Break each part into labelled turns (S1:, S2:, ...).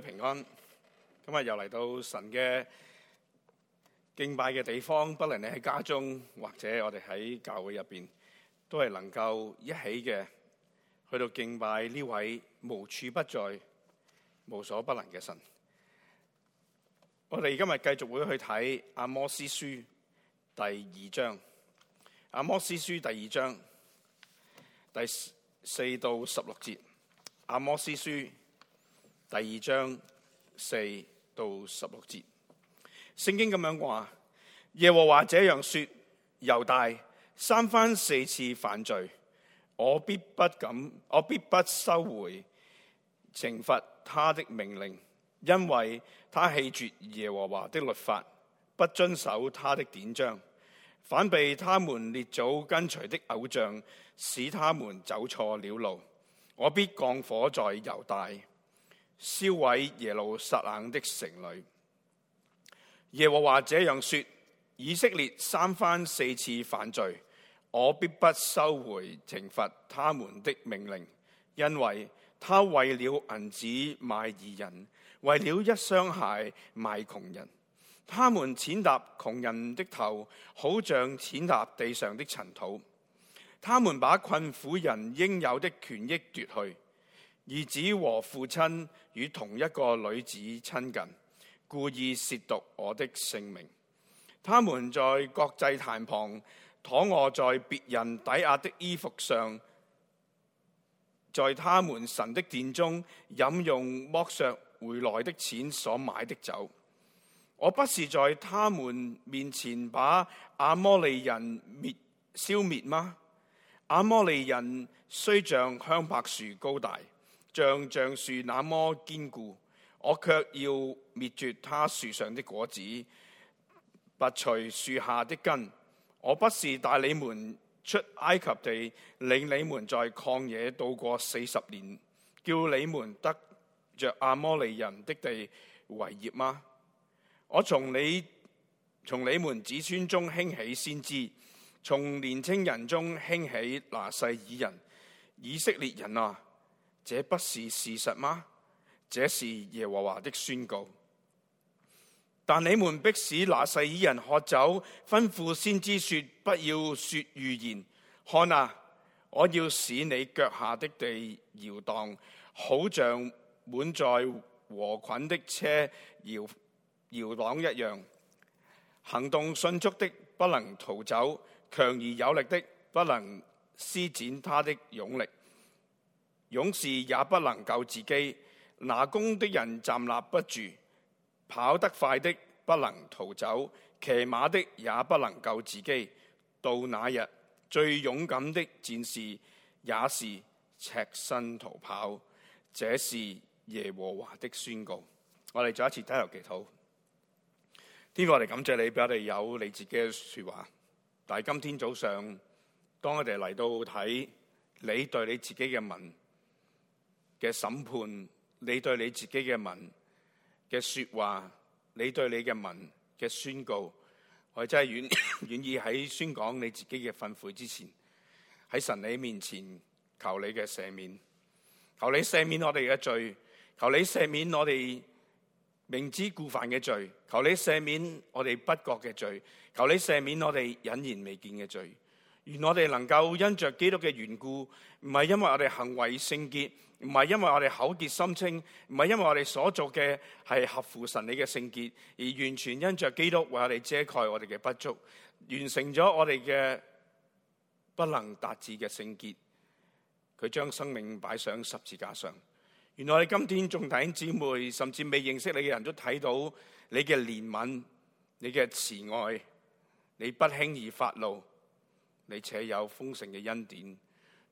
S1: 去平安，咁啊又嚟到神嘅敬拜嘅地方，不論你喺家中或者我哋喺教會入邊，都係能夠一起嘅去到敬拜呢位無處不在、無所不能嘅神。我哋今日繼續會去睇阿摩司書第二章，阿摩司書第二章第四到十六節，阿摩司書。第二章四到十六節，聖經咁樣話：耶和華這樣說，猶大三番四次犯罪，我必不敢，我必不收回懲罰他的命令，因為他棄絕耶和華的律法，不遵守他的典章，反被他們列祖跟隨的偶像使他們走錯了路，我必降火在猶大。燒毀耶路撒冷的城壘。耶和華這樣說：以色列三番四次犯罪，我必不收回懲罰他們的命令，因為他為了銀子賣義人，為了一雙鞋賣窮人。他們踐踏窮人的頭，好像踐踏地上的塵土。他們把困苦人應有的權益奪去。兒子和父親與同一個女子親近，故意褻瀆我的聖名。他們在國際壇旁躺卧在別人抵押的衣服上，在他們神的殿中飲用剝削回來的錢所買的酒。我不是在他們面前把阿摩利人滅消滅嗎？阿摩利人雖像香柏樹高大。像橡樹那麼堅固，我却要滅絕它樹上的果子，拔除樹下的根。我不是帶你們出埃及地，領你們在曠野度過四十年，叫你們得着亞摩利人的地為業嗎？我從你從你們子孫中興起先知，從年輕人中興起拿細耳人，以色列人啊！這不是事實嗎？這是耶和華的宣告。但你們逼使拿細耳人喝酒，吩咐先知說不要說預言。看啊，我要使你腳下的地搖蕩，好像滿載禾捆的車搖搖蕩一樣。行動迅速的不能逃走，強而有力的不能施展他的勇力。勇士也不能救自己，拿弓的人站立不住，跑得快的不能逃走，騎馬的也不能救自己。到那日，最勇敢的戰士也是赤身逃跑。這是耶和華的宣告。我哋再一次低頭祈禱，天父，我哋感謝你，俾我哋有你自己嘅說話。但係今天早上，當我哋嚟到睇你對你自己嘅民。嘅審判，你對你自己嘅民嘅說話，你對你嘅民嘅宣告，我真係願 願意喺宣講你自己嘅悔罪之前，喺神你面前求你嘅赦免，求你赦免我哋嘅罪，求你赦免我哋明知故犯嘅罪，求你赦免我哋不覺嘅罪，求你赦免我哋隱然未見嘅罪。原來我哋能夠因着基督嘅緣故，唔係因為我哋行為聖潔，唔係因為我哋口潔心清，唔係因為我哋所做嘅係合乎神理嘅聖潔，而完全因着基督為我哋遮蓋我哋嘅不足，完成咗我哋嘅不能達至嘅聖潔。佢將生命擺上十字架上。原來我哋今天眾弟兄姊妹，甚至未認識你嘅人都睇到你嘅憐憫，你嘅慈愛，你不輕易發怒。你且有豐盛嘅恩典，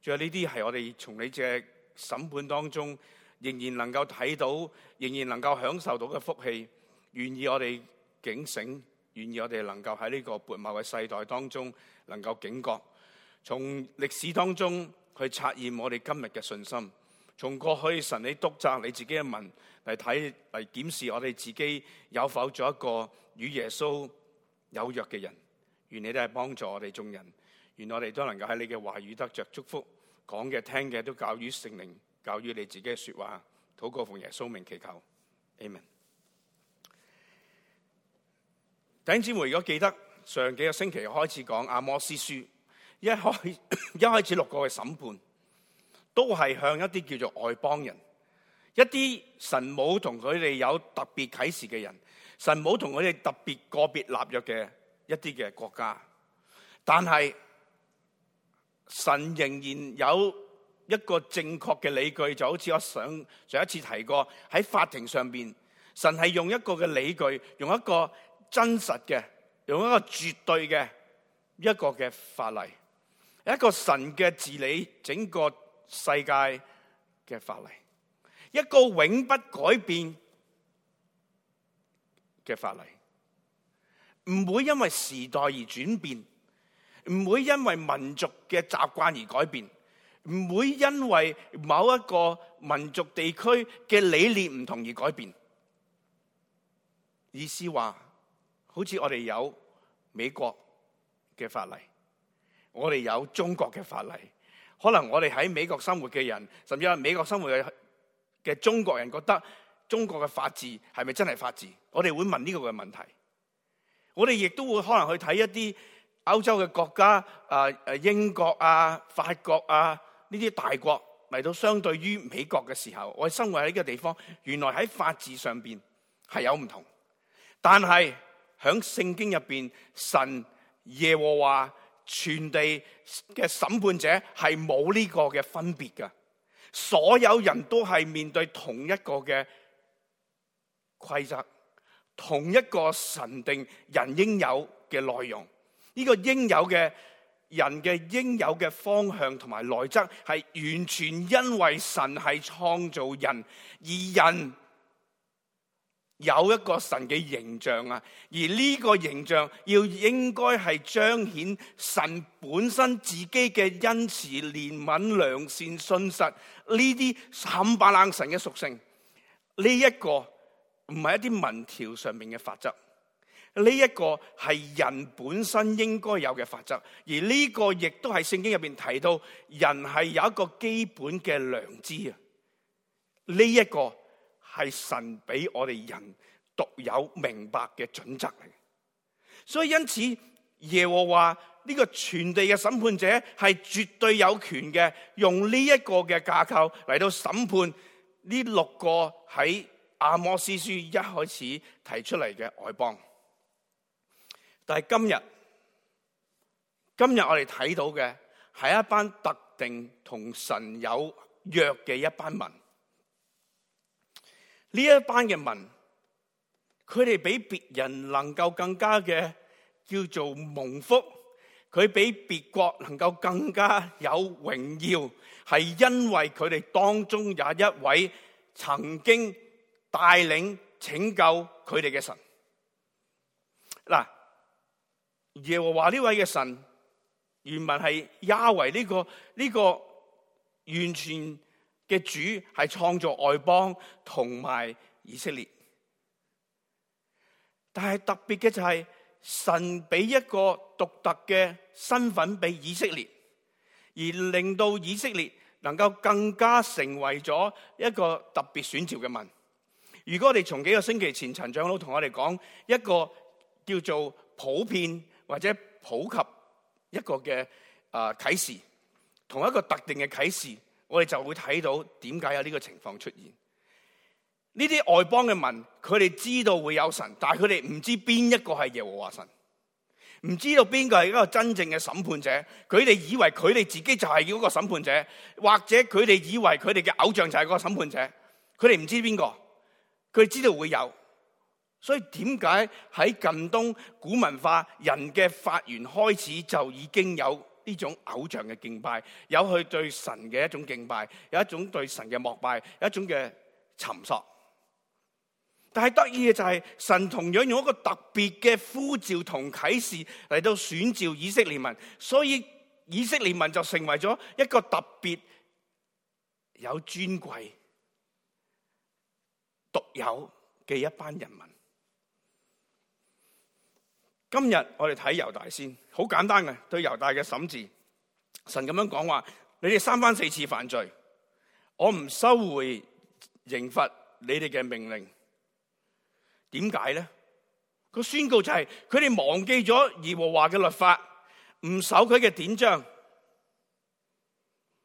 S1: 仲有呢啲係我哋從你只審判當中仍然能夠睇到、仍然能夠享受到嘅福氣。願意我哋警醒，願意我哋能夠喺呢個薄暮嘅世代當中能夠警覺，從歷史當中去察驗我哋今日嘅信心，從過去神你督責你自己嘅民嚟睇嚟檢視我哋自己有否做一個與耶穌有約嘅人。願你都係幫助我哋眾人。原來我哋都能夠喺你嘅話語得着祝福，講嘅聽嘅都教於聖靈，教於你自己嘅說話，禱告奉耶穌名祈求，Amen。弟兄姊妹，如果記得上幾個星期開始講阿摩司書，一開一開始六個嘅審判，都係向一啲叫做外邦人，一啲神冇同佢哋有特別啟示嘅人，神冇同佢哋特別個別立約嘅一啲嘅國家，但係，神仍然有一個正確嘅理據，就好似我上上一次提過，喺法庭上邊，神係用一個嘅理據，用一個真實嘅，用一個絕對嘅一個嘅法例，一個神嘅治理整個世界嘅法例，一個永不改變嘅法例，唔會因為時代而轉變。唔會因為民族嘅習慣而改變，唔會因為某一個民族地區嘅理念唔同而改變。意思話，好似我哋有美國嘅法例，我哋有中國嘅法例。可能我哋喺美國生活嘅人，甚至係美國生活嘅嘅中國人，覺得中國嘅法治係咪真係法治？我哋會問呢個嘅問題。我哋亦都會可能去睇一啲。歐洲嘅國家，誒誒，英國啊、法國啊呢啲大國，嚟到相對於美國嘅時候，我哋生活喺呢個地方，原來喺法治上邊係有唔同，但係響聖經入邊，神耶和華全地嘅審判者係冇呢個嘅分別嘅，所有人都係面對同一個嘅規則，同一個神定人應有嘅內容。呢個應有嘅人嘅應有嘅方向同埋內質，係完全因為神係創造人，而人有一個神嘅形象啊！而呢個形象要應該係彰顯神本身自己嘅恩慈、憐憫、良善、信實呢啲冚唪唥神嘅屬性。呢、這個、一個唔係一啲民條上面嘅法則。呢一個係人本身應該有嘅法則，而呢個亦都係聖經入邊提到，人係有一個基本嘅良知啊！呢一個係神俾我哋人獨有明白嘅準則嚟，所以因此耶和華呢個全地嘅審判者係絕對有權嘅，用呢一個嘅架構嚟到審判呢六個喺阿摩司書一開始提出嚟嘅外邦。但係今日，今日我哋睇到嘅係一班特定同神有約嘅一班民，呢一班嘅民，佢哋比別人能夠更加嘅叫做蒙福，佢比別國能夠更加有榮耀，係因為佢哋當中有一位曾經帶領拯救佢哋嘅神嗱。耶和華呢位嘅神，原文係亞維呢個呢、這個完全嘅主係創造外邦同埋以色列，但係特別嘅就係、是、神俾一個獨特嘅身份俾以色列，而令到以色列能夠更加成為咗一個特別選召嘅民。如果我哋從幾個星期前陳長老同我哋講一個叫做普遍。或者普及一個嘅啊啟示，同一個特定嘅啟示，我哋就會睇到點解有呢個情況出現。呢啲外邦嘅民，佢哋知道會有神，但係佢哋唔知邊一個係耶和華神，唔知道邊個係一個真正嘅審判者。佢哋以為佢哋自己就係嗰個審判者，或者佢哋以為佢哋嘅偶像就係個審判者。佢哋唔知邊個，佢哋知道會有。所以點解喺近東古文化人嘅發源開始就已經有呢種偶像嘅敬拜，有佢對神嘅一種敬拜，有一種對神嘅膜拜，有一種嘅尋索。但係得意嘅就係神同樣用一個特別嘅呼召同啟示嚟到選召以色列民，所以以色列民就成為咗一個特別有尊貴獨有嘅一班人民。今日我哋睇猶大先，好簡單嘅對猶大嘅審判，神咁樣講話：你哋三番四次犯罪，我唔收回刑罰你哋嘅命令。點解咧？個宣告就係佢哋忘記咗耶和華嘅律法，唔守佢嘅典章，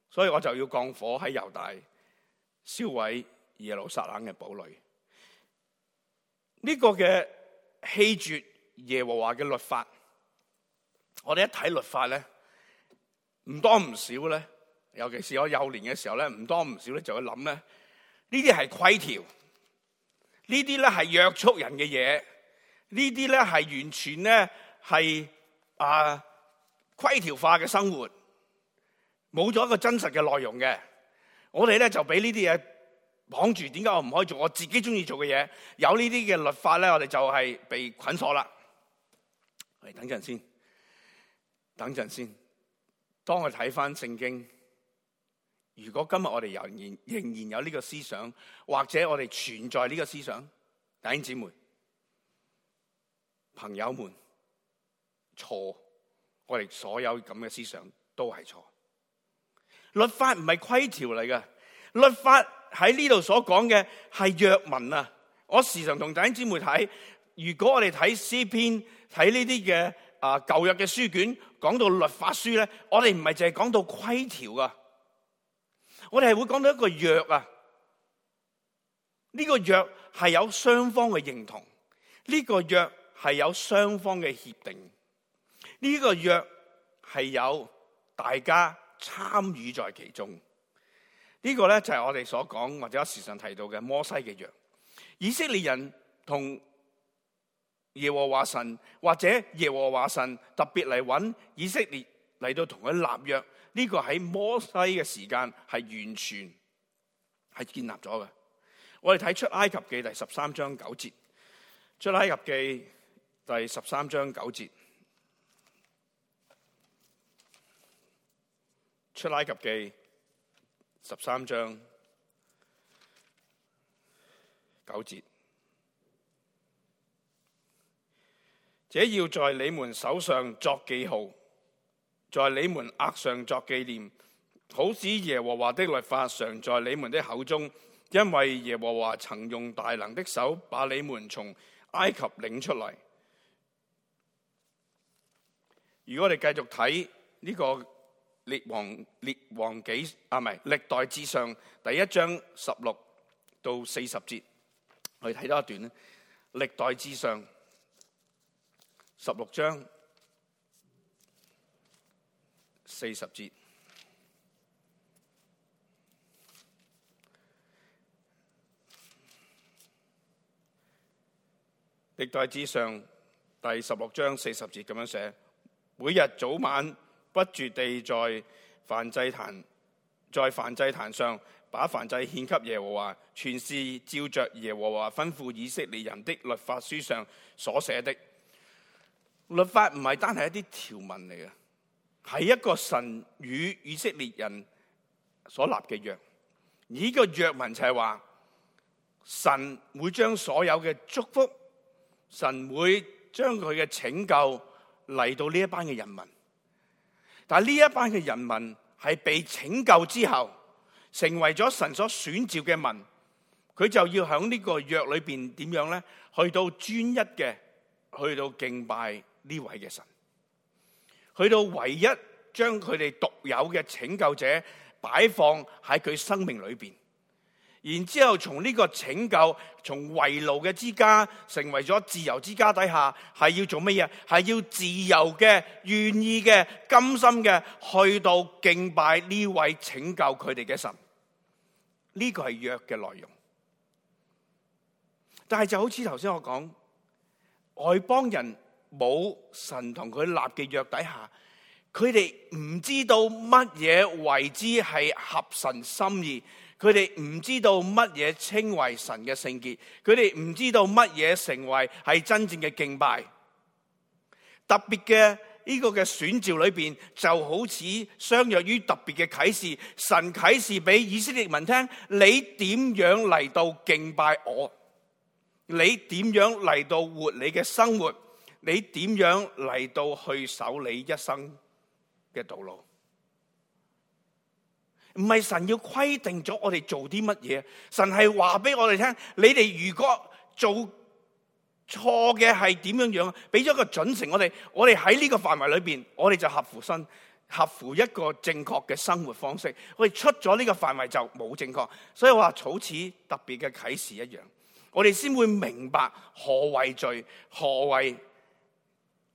S1: 所以我就要降火喺猶大，燒毀耶路撒冷嘅堡壘。呢、這個嘅棄絕。耶和華嘅律法，我哋一睇律法咧，唔多唔少咧，尤其是我幼年嘅時候咧，唔多唔少咧就會諗咧，呢啲係規條，呢啲咧係約束人嘅嘢，呢啲咧係完全咧係啊規條化嘅生活，冇咗一個真實嘅內容嘅，我哋咧就俾呢啲嘢綁住，點解我唔可以做我自己中意做嘅嘢？有呢啲嘅律法咧，我哋就係被捆鎖啦。等陣先，等陣先。當我睇翻聖經，如果今日我哋仍然仍然有呢個思想，或者我哋存在呢個思想，弟兄姊妹、朋友們，錯！我哋所有咁嘅思想都係錯。律法唔係規條嚟嘅，律法喺呢度所講嘅係約文啊！我時常同弟兄姊妹睇，如果我哋睇詩篇。睇呢啲嘅啊舊約嘅書卷，講到律法書咧，我哋唔係淨係講到規條啊。我哋係會講到一個約啊。呢、這個約係有雙方嘅認同，呢、這個約係有雙方嘅協定，呢、這個約係有大家參與在其中。這個、呢個咧就係、是、我哋所講或者時常提到嘅摩西嘅約，以色列人同。耶和華神或者耶和華神特別嚟揾以色列嚟到同佢立約，呢、這個喺摩西嘅時間係完全係建立咗嘅。我哋睇出埃及記第十三章九節，出埃及記第十三章九節，出埃及記十三章九節。這要在你們手上作記號，在你們額上作紀念，好使耶和華的律法常在你們的口中，因為耶和華曾用大能的手把你們從埃及領出來。如果我哋繼續睇呢個《列王列王紀》，啊，唔係《歷代志上》第一章十六到四十節，去睇多一段咧，《歷代志上》。十六章四十節，歷代志上第十六章四十節咁樣寫：每日早晚不絕地在燔祭壇，在燔祭壇上把燔祭獻給耶和華，全是照着耶和華吩咐以色列人的律法書上所寫的。律法唔係單係一啲條文嚟嘅，係一個神與以色列人所立嘅約。而、這、呢個約文就係話，神會將所有嘅祝福，神會將佢嘅拯救嚟到呢一班嘅人民。但係呢一班嘅人民係被拯救之後，成為咗神所選召嘅民，佢就要響呢個約裏邊點樣咧？去到專一嘅，去到敬拜。呢位嘅神，去到唯一將佢哋獨有嘅拯救者擺放喺佢生命裏邊，然之後從呢個拯救，從圍牢嘅之家成為咗自由之家底下，係要做乜嘢？係要自由嘅、願意嘅、甘心嘅，去到敬拜呢位拯救佢哋嘅神。呢、呢個係約嘅內容，但係就好似頭先我講外邦人。冇神同佢立嘅約底下，佢哋唔知道乜嘢為之係合神心意，佢哋唔知道乜嘢稱為神嘅聖潔，佢哋唔知道乜嘢成為係真正嘅敬拜。特別嘅呢個嘅選召裏邊，就好似相約於特別嘅啟示，神啟示俾以色列民聽：你點樣嚟到敬拜我？你點樣嚟到活你嘅生活？你點樣嚟到去守你一生嘅道路？唔係神要規定咗我哋做啲乜嘢，神係話俾我哋聽：你哋如果做錯嘅係點樣樣，俾咗個準繩我哋，我哋喺呢個範圍裏邊，我哋就合乎身，合乎一個正確嘅生活方式。我哋出咗呢個範圍就冇正確。所以話，好似特別嘅啟示一樣，我哋先會明白何為罪，何為。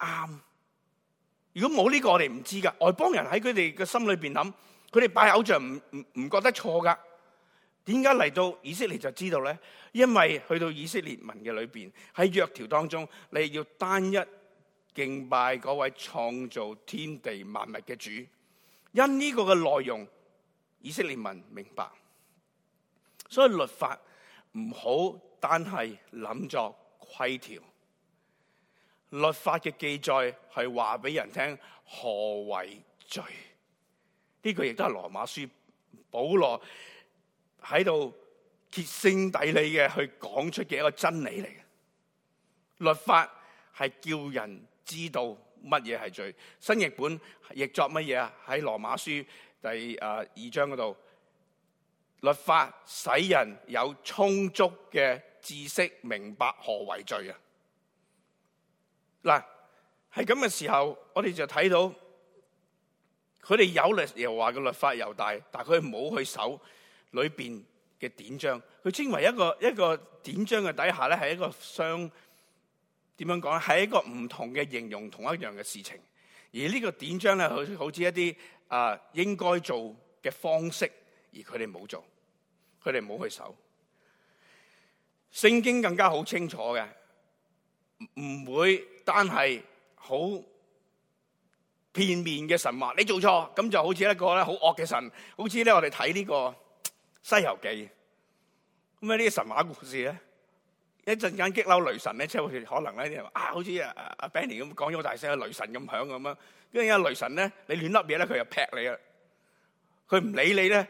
S1: 啱、嗯。如果冇呢個，我哋唔知噶。外邦人喺佢哋嘅心裏邊諗，佢哋拜偶像唔唔唔覺得錯噶。點解嚟到以色列就知道咧？因為去到以色列文嘅裏邊，喺約條當中，你要單一敬拜嗰位創造天地萬物嘅主。因呢個嘅內容，以色列文明白。所以律法唔好單係諗作規條。律法嘅記載係話俾人聽何為罪。呢句亦都係羅馬書保羅喺度歇斯底里嘅去講出嘅一個真理嚟嘅。律法係叫人知道乜嘢係罪。新譯本譯作乜嘢啊？喺羅馬書第啊二章嗰度，律法使人有充足嘅知識明白何為罪啊！嗱，係咁嘅時候，我哋就睇到佢哋有力又話個律法又大，但係佢冇去守裏邊嘅典章。佢稱為一個一個典章嘅底下咧，係一個相，點樣講咧？係一個唔同嘅形容同一樣嘅事情。而呢個典章咧，佢好似一啲啊、呃、應該做嘅方式，而佢哋冇做，佢哋冇去守。聖經更加好清楚嘅，唔會。但係好片面嘅神話，你做錯，咁就好似一個咧好惡嘅神，好似咧我哋睇呢個《西遊記》，咁呢啲神話故事咧，一陣間激嬲雷神咧，即係好似可能咧啲人啊，好似阿阿 Benny 咁講咗大聲，雷神咁響咁樣，跟住阿雷神咧，你亂笠嘢咧，佢就劈你啦，佢唔理你咧，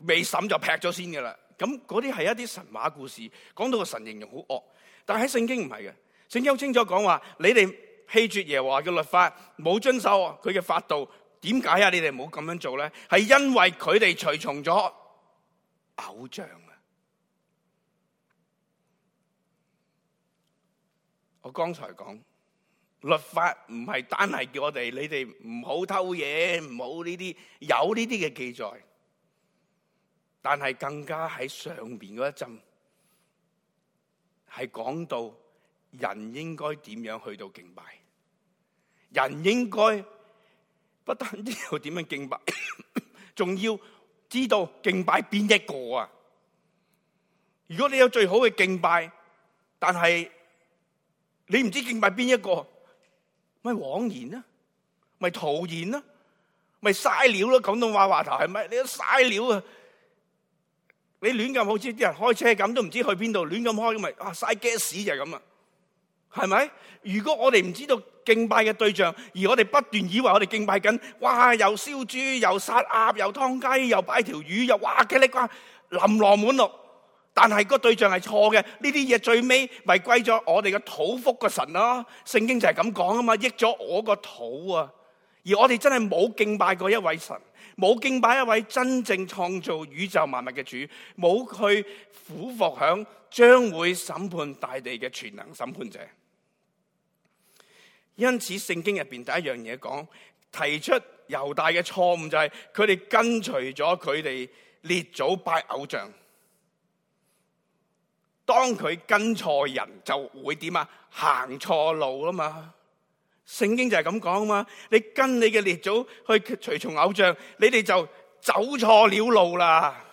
S1: 未審就劈咗先噶啦。咁嗰啲係一啲神話故事，講到個神形容好惡，但係喺聖經唔係嘅。聖經好清楚講話，你哋棄絕耶華嘅律法，冇遵守佢嘅法度，點解啊？你哋唔好咁樣做咧，係因為佢哋隨從咗偶像啊！我剛才講律法唔係單係叫我哋，你哋唔好偷嘢，唔好呢啲有呢啲嘅記載，但係更加喺上邊嗰一浸係講到。人應該點樣去到敬拜？人應該不但知道點樣敬拜，仲 要知道敬拜邊一個啊！如果你有最好嘅敬拜，但係你唔知道敬拜邊一個，咪枉然啊？咪徒然啊？咪嘥料啦！廣東話、啊啊、話話頭係咪？你都嘥料啊！你亂咁好似啲人開車咁，都唔知去邊度，亂咁開咪啊！嘥 gas 就係咁啦～係咪？如果我哋唔知道敬拜嘅對象，而我哋不斷以為我哋敬拜緊，哇！又燒豬，又殺鴨，又湯雞，又擺條魚，又哇嘰哩呱，琳琅滿目。但係個對象係錯嘅，呢啲嘢最尾咪歸咗我哋嘅土福個神咯。聖經就係咁講啊嘛，益咗我個土啊。而我哋真係冇敬拜過一位神，冇敬拜一位真正創造宇宙萬物嘅主，冇去俯伏響將會審判大地嘅全能審判者。因此，聖經入面第一樣嘢講，提出猶大嘅錯誤就係佢哋跟隨咗佢哋列祖拜偶像。當佢跟錯人就會點呀？行錯路啊嘛！聖經就係咁講啊嘛！你跟你嘅列祖去隨從偶像，你哋就走錯了路啦。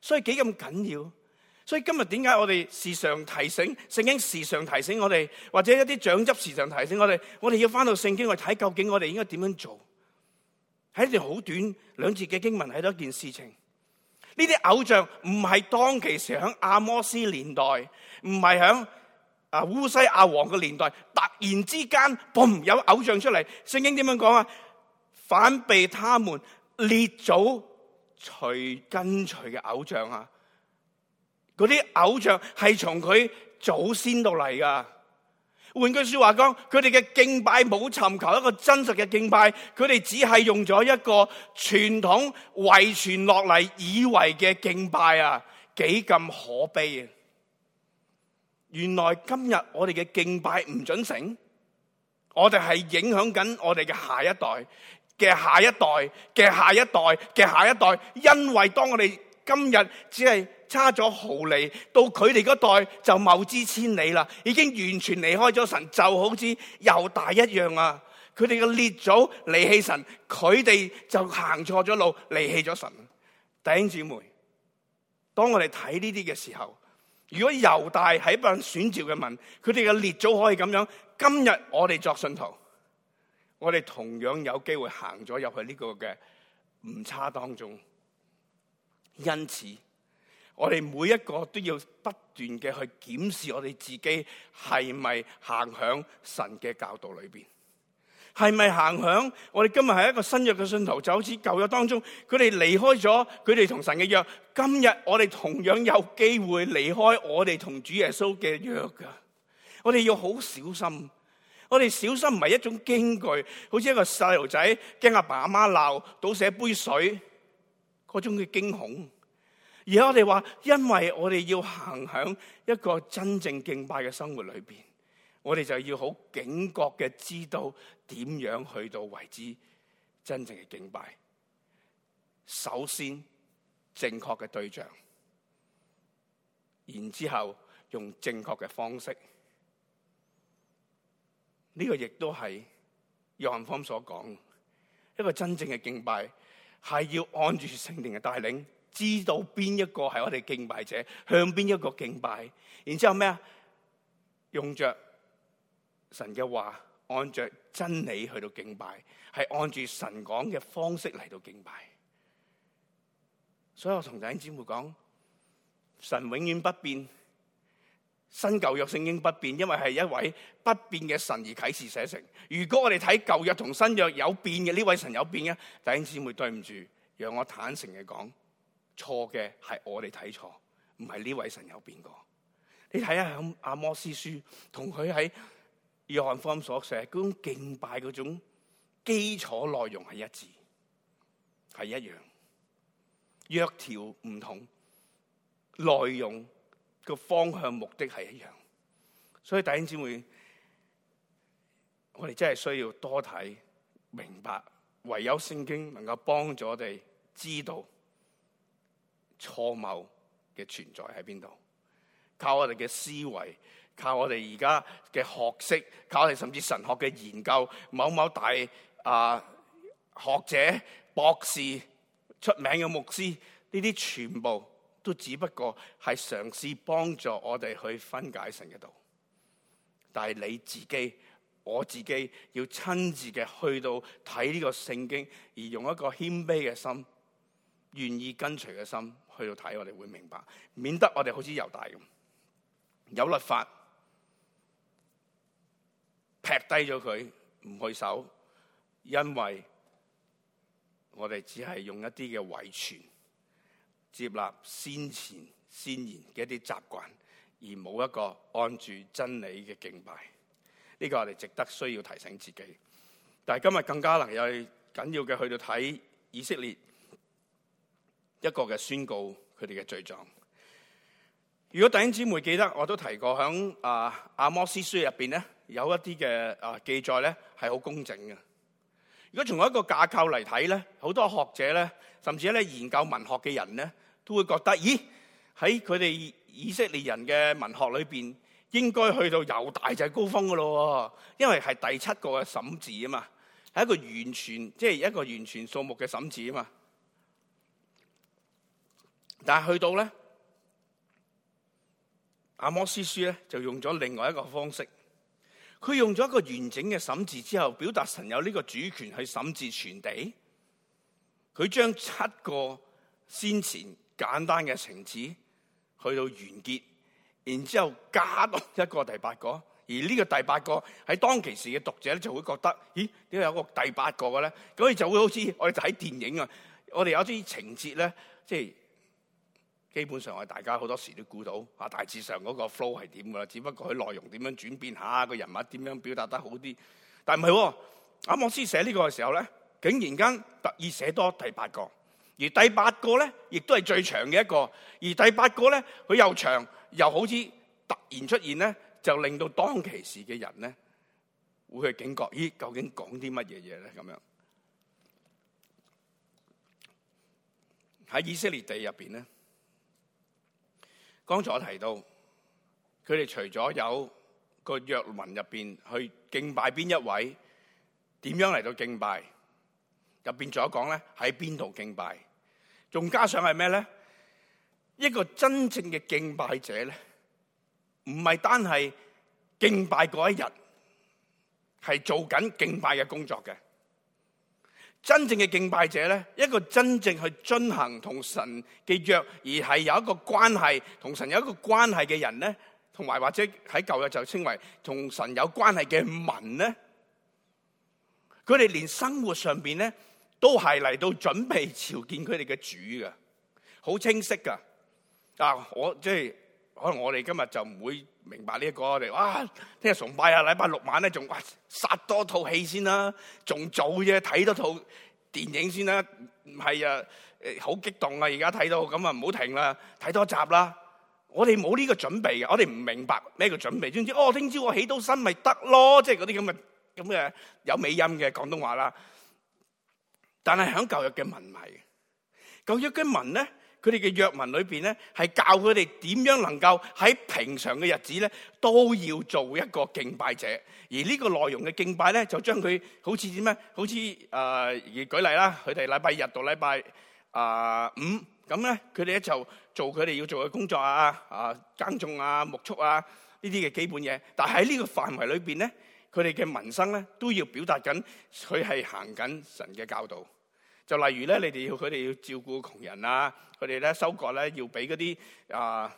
S1: 所以幾咁緊要。所以今日點解我哋時常提醒聖經，時常提醒我哋，或者一啲長執時常提醒我哋，我哋要翻到聖經去睇究竟我哋應該點樣做？喺一段好短兩節嘅經文睇到一件事情。呢啲偶像唔係當其時響阿摩斯年代，唔係響啊烏西亞王嘅年代，突然之間嘭有偶像出嚟。聖經點樣講啊？反被他們列祖隨跟隨嘅偶像啊！嗰啲偶像係從佢祖先度嚟噶。換句說話講，佢哋嘅敬拜冇尋求一個真實嘅敬拜，佢哋只係用咗一個傳統遺傳落嚟以爲嘅敬拜啊，幾咁可悲啊！原來今日我哋嘅敬拜唔准成，我哋係影響緊我哋嘅下一代嘅下一代嘅下一代嘅下，下一代，因爲當我哋。今日只係差咗毫釐，到佢哋嗰代就謬之千里啦！已經完全離開咗神，就好似猶大一樣啊！佢哋嘅列祖離棄神，佢哋就行錯咗路，離棄咗神。弟兄姊妹，當我哋睇呢啲嘅時候，如果猶大係一班選召嘅民，佢哋嘅列祖可以咁樣，今日我哋作信徒，我哋同樣有機會行咗入去呢個嘅唔差當中。因此，我哋每一個都要不斷嘅去檢視我哋自己係咪行響神嘅教導裏邊，係咪行響我哋今日係一個新約嘅信徒，就好似舊約當中佢哋離開咗佢哋同神嘅約，今日我哋同樣有機會離開我哋同主耶穌嘅約噶，我哋要好小心，我哋小心唔係一種驚懼，好似一個細路仔驚阿爸阿媽鬧，倒瀉一杯水。嗰種嘅驚恐，而我哋話，因為我哋要行向一個真正敬拜嘅生活裏邊，我哋就要好警覺嘅知道點樣去到為之真正嘅敬拜。首先，正確嘅對象，然之後用正確嘅方式，呢、這個亦都係約翰方所講，一個真正嘅敬拜。係要按住聖靈嘅帶領，知道邊一個係我哋敬拜者，向邊一個敬拜，然之後咩啊？用着神嘅話，按着真理去到敬拜，係按住神講嘅方式嚟到敬拜。所以我同弟兄姊妹講，神永遠不變。新舊約聖經不變，因為係一位不變嘅神而啟示寫成。如果我哋睇舊約同新約有變嘅，呢位神有變嘅弟兄姊妹，對唔住，讓我坦誠嘅講，錯嘅係我哋睇錯，唔係呢位神有變過。你睇下阿摩司書同佢喺約翰福音所寫嗰種敬拜，嗰種基礎內容係一致，係一樣。約條唔同，內容。個方向目的係一樣，所以弟兄姊妹，我哋真係需要多睇明白，唯有聖經能夠幫助我哋知道錯謬嘅存在喺邊度。靠我哋嘅思維，靠我哋而家嘅學識，靠我哋甚至神學嘅研究，某某大啊、呃、學者、博士、出名嘅牧師，呢啲全部。都只不過係嘗試幫助我哋去分解神嘅道，但係你自己，我自己要親自嘅去到睇呢個聖經，而用一個謙卑嘅心，願意跟隨嘅心去到睇，我哋會明白，免得我哋好似猶大咁有律法劈低咗佢唔去守，因為我哋只係用一啲嘅遺傳。接納先前先賢嘅一啲習慣，而冇一個按住真理嘅敬拜，呢個我哋值得需要提醒自己。但係今日更加能有係緊要嘅，去到睇以色列一個嘅宣告，佢哋嘅罪狀。如果弟兄姊妹記得，我都提過響啊阿摩司書入邊咧，有一啲嘅啊記載咧係好公正嘅。如果從一個架構嚟睇咧，好多學者咧。甚至咧研究文學嘅人咧，都會覺得：咦，喺佢哋以色列人嘅文學裏面應該去到猶大就係高峰嘅咯。因為係第七個嘅審字啊嘛，係一個完全即係、就是、一個完全數目嘅審字啊嘛。但係去到咧，阿摩司書咧就用咗另外一個方式，佢用咗一個完整嘅審字之後，表達神有呢個主權去審治全地。佢將七個先前簡單嘅情節去到完結，然之後加多一個第八個，而呢個第八個喺當其時嘅讀者咧就會覺得，咦，點解有個第八個嘅咧？咁佢就會好似我哋睇電影啊，我哋有啲情節咧即係基本上啊，大家好多時都估到啊，大致上嗰個 flow 係點噶啦，只不過佢內容點樣轉變下，個人物點樣表達得好啲，但唔係阿摩司寫呢個嘅時候咧，竟然間特意寫多第八個，而第八個咧，亦都係最長嘅一個。而第八個咧，佢又長又好似突然出現咧，就令到當其時嘅人咧會去警覺：咦，究竟講啲乜嘢嘢咧？咁樣喺以色列地入邊咧，剛才我提到佢哋除咗有個約文入邊去敬拜邊一位，點樣嚟到敬拜？入面仲有講咧，喺邊度敬拜？仲加上係咩咧？一個真正嘅敬拜者咧，唔係單係敬拜嗰一日，係做緊敬拜嘅工作嘅。真正嘅敬拜者咧，一個真正去遵行同神嘅約，而係有一個關係同神有一個關係嘅人咧，同埋或者喺舊日就稱為同神有關係嘅民咧。佢哋連生活上邊咧～都係嚟到準備朝見佢哋嘅主嘅，好清晰噶。啊，我即係、就是、可能我哋今日就唔會明白呢、這、一個我哋哇，聽、啊、日崇拜啊，禮拜六晚咧仲哇殺多套戲先啦，仲早啫，睇多套電影先啦，唔係啊，好、啊啊、激動啊！而家睇到咁啊，唔好停啦，睇多集啦。我哋冇呢個準備嘅，我哋唔明白咩叫準備。總之，哦，聽朝我起到身咪得咯，即係嗰啲咁嘅咁嘅有美音嘅廣東話啦。但係喺舊約嘅文嚟，舊約嘅文咧，佢哋嘅約文裏邊咧，係教佢哋點樣能夠喺平常嘅日子咧，都要做一個敬拜者。而呢個內容嘅敬拜咧，就將佢好似點咩？好似誒，而舉例啦，佢哋禮拜日到禮拜誒五咁咧，佢哋咧就做佢哋要做嘅工作啊，啊耕種啊、牧畜啊呢啲嘅基本嘢。但係喺呢個範圍裏邊咧。佢哋嘅民生咧都要表達緊，佢係行緊神嘅教導。就例如咧，你哋要佢哋要照顧窮人啊，佢哋咧收割咧要俾嗰啲啊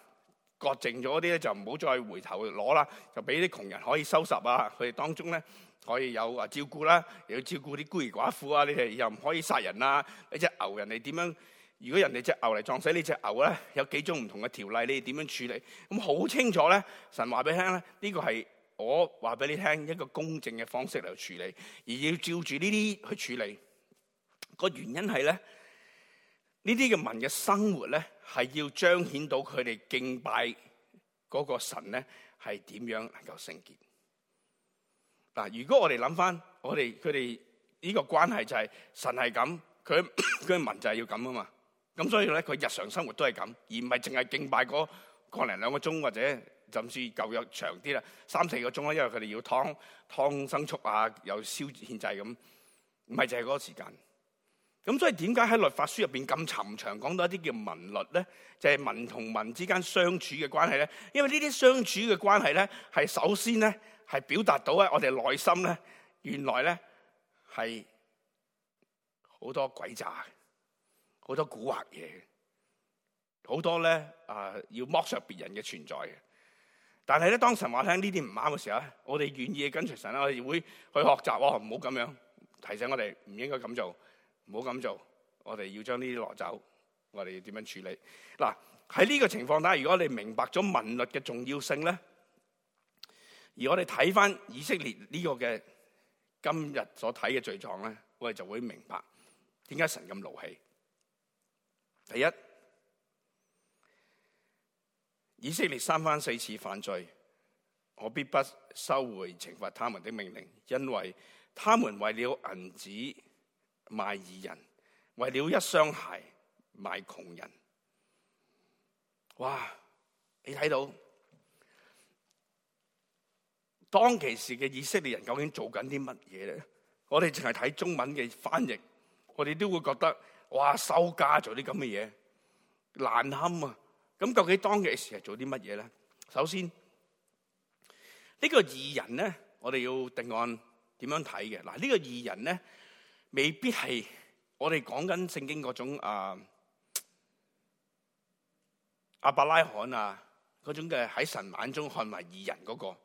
S1: 割剩咗啲咧就唔好再回頭攞啦，就俾啲窮人可以收拾啊。佢哋當中咧可以有話照顧啦、啊，又要照顧啲孤兒寡婦啊。你哋又唔可以殺人啊。你隻牛人哋點樣？如果人哋隻牛嚟撞死你隻牛咧，有幾種唔同嘅條例，你哋點樣處理？咁好清楚咧，神話俾你聽咧，呢個係。我話俾你聽，一個公正嘅方式嚟處理，而要照住呢啲去處理。個原因係咧，呢啲嘅民嘅生活咧，係要彰顯到佢哋敬拜嗰個神咧，係點樣能夠聖潔。嗱，如果我哋諗翻，我哋佢哋呢個關係就係、是、神係咁，佢佢嘅民就係要咁啊嘛。咁所以咧，佢日常生活都係咁，而唔係淨係敬拜嗰個零兩個鐘或者。甚至舊約長啲啦，三四個鐘啦，因為佢哋要劏劏牲畜啊，又燒獻祭咁，唔係就係嗰個時間。咁所以點解喺律法書入邊咁沉長，講到一啲叫民律咧，就係民同民之間相處嘅關係咧？因為呢啲相處嘅關係咧，係首先咧係表達到啊，我哋內心咧，原來咧係好多鬼詐，好多蠱惑嘢，好多咧啊、呃、要剝削別人嘅存在嘅。但係咧，當神話聽呢啲唔啱嘅時候咧，我哋願意跟隨神啦，我哋會去學習。唔好咁樣，提醒我哋唔應該咁做，唔好咁做。我哋要將呢啲攞走，我哋要點樣處理？嗱，喺呢個情況底下，如果你明白咗民律嘅重要性咧，而我哋睇翻以色列這個呢個嘅今日所睇嘅罪狀咧，我哋就會明白點解神咁勞氣。第一。以色列三番四次犯罪，我必不收回懲罰他們的命令，因為他們為了銀紙賣義人，為了一雙鞋賣窮人。哇！你睇到當其時嘅以色列人究竟做緊啲乜嘢咧？我哋淨係睇中文嘅翻譯，我哋都會覺得哇，收家做啲咁嘅嘢，難堪啊！咁究竟當嘅事係做啲乜嘢咧？首先，這個、二呢個義人咧，我哋要定案點樣睇嘅？嗱、這個，呢個義人咧，未必係我哋講緊聖經嗰種啊阿伯拉罕啊嗰種嘅喺神眼中看為義人嗰、那個。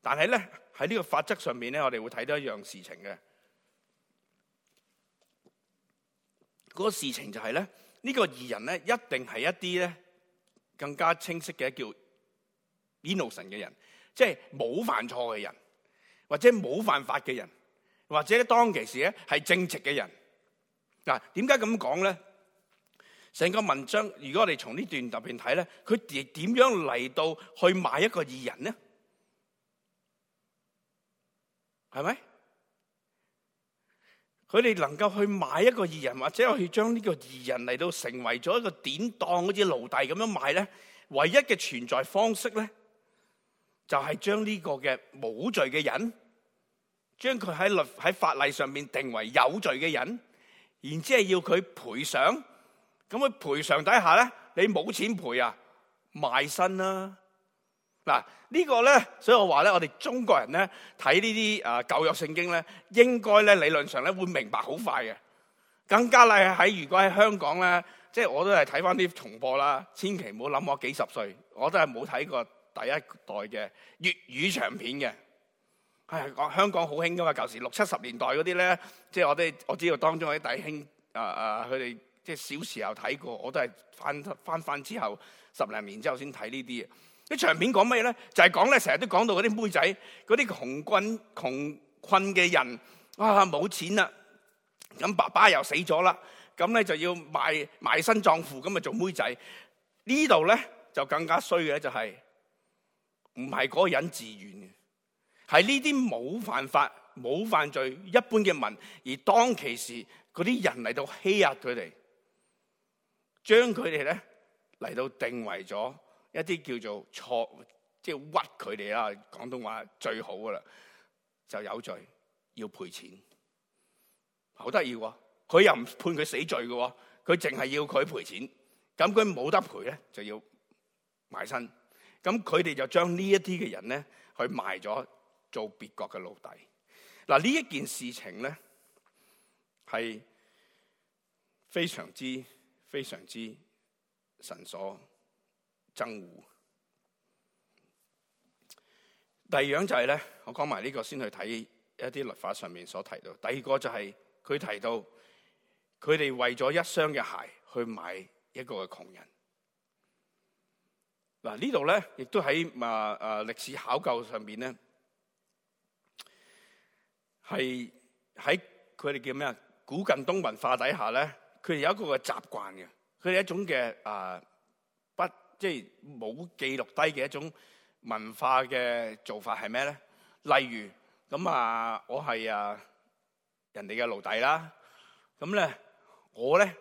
S1: 但係咧喺呢個法則上面咧，我哋會睇到一樣事情嘅。嗰、那個事情就係、是、咧，這個、二呢個義人咧一定係一啲咧。更加清晰嘅叫 innocent 嘅人，即係冇犯錯嘅人，或者冇犯法嘅人，或者當其時咧係正直嘅人。嗱、啊，點解咁講咧？成個文章，如果我哋從呢段特別睇咧，佢哋點樣嚟到去買一個義人咧？係咪？佢哋能夠去買一個義人，或者去將呢個義人嚟到成為咗一個典當好似奴隸咁樣賣咧，唯一嘅存在方式咧，就係將呢個嘅冇罪嘅人，將佢喺律喺法例上面定為有罪嘅人，然之後要佢賠償。咁佢賠償底下咧，你冇錢賠啊，賣身啦、啊。嗱呢個咧，所以我話咧，我哋中國人咧睇呢啲啊舊約聖經咧，應該咧，理論上咧會明白好快嘅。更加咧喺如果喺香港咧，即係我都係睇翻啲重播啦，千祈唔好諗我幾十歲，我都係冇睇過第一代嘅粵語長片嘅。係、哎、講香港好興噶嘛？舊時六七十年代嗰啲咧，即係我都我知道當中啲弟兄，啊、呃、啊，佢、呃、哋即係小時候睇過，我都係翻翻翻之後十零年之後先睇呢啲嘅。啲場面講咩咧？就係講咧，成日都講到嗰啲妹仔、嗰啲窮困、窮困嘅人，哇、啊、冇錢啦！咁爸爸又死咗啦，咁咧就要賣，賣身葬父，咁咪做妹仔。呢度咧就更加衰嘅就係、是，唔係嗰個人自願嘅，係呢啲冇犯法、冇犯罪、一般嘅民，而當其時嗰啲人嚟到欺壓佢哋，將佢哋咧嚟到定為咗。一啲叫做錯，即係屈佢哋啦。廣東話最好噶啦，就有罪要賠錢，好得意喎！佢又唔判佢死罪嘅，佢淨係要佢賠錢。咁佢冇得賠咧，就要賣身。咁佢哋就將呢一啲嘅人咧去賣咗做別國嘅奴隸。嗱，呢一件事情咧係非常之、非常之神所增戶，第二樣就係、是、咧，我講埋呢個先去睇一啲律法上面所提到。第二個就係佢提到，佢哋為咗一雙嘅鞋去買一個嘅窮人。嗱、啊、呢度咧，亦都喺啊啊歷史考究上邊咧，係喺佢哋叫咩啊？古近東文化底下咧，佢哋有一個嘅習慣嘅，佢哋一種嘅啊。呃即係冇記錄低嘅一種文化嘅做法係咩咧？例如咁啊，我係啊人哋嘅奴隸啦。咁咧，我咧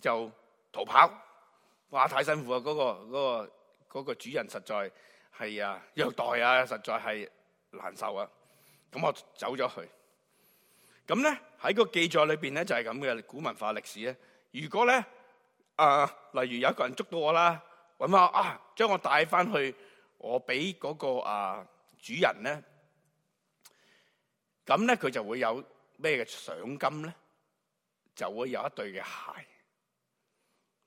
S1: 就逃跑，哇太辛苦啊！嗰個嗰個嗰個主人實在係啊虐待啊，實在係難受啊。咁我走咗去。咁咧喺個記載裏邊咧就係咁嘅古文化歷史咧。如果咧啊、呃，例如有一個人捉到我啦。咁啊！啊，將我帶翻去，我俾嗰、嗰個啊主人咧，咁咧佢就會有咩嘅賞金咧？就會有一對嘅鞋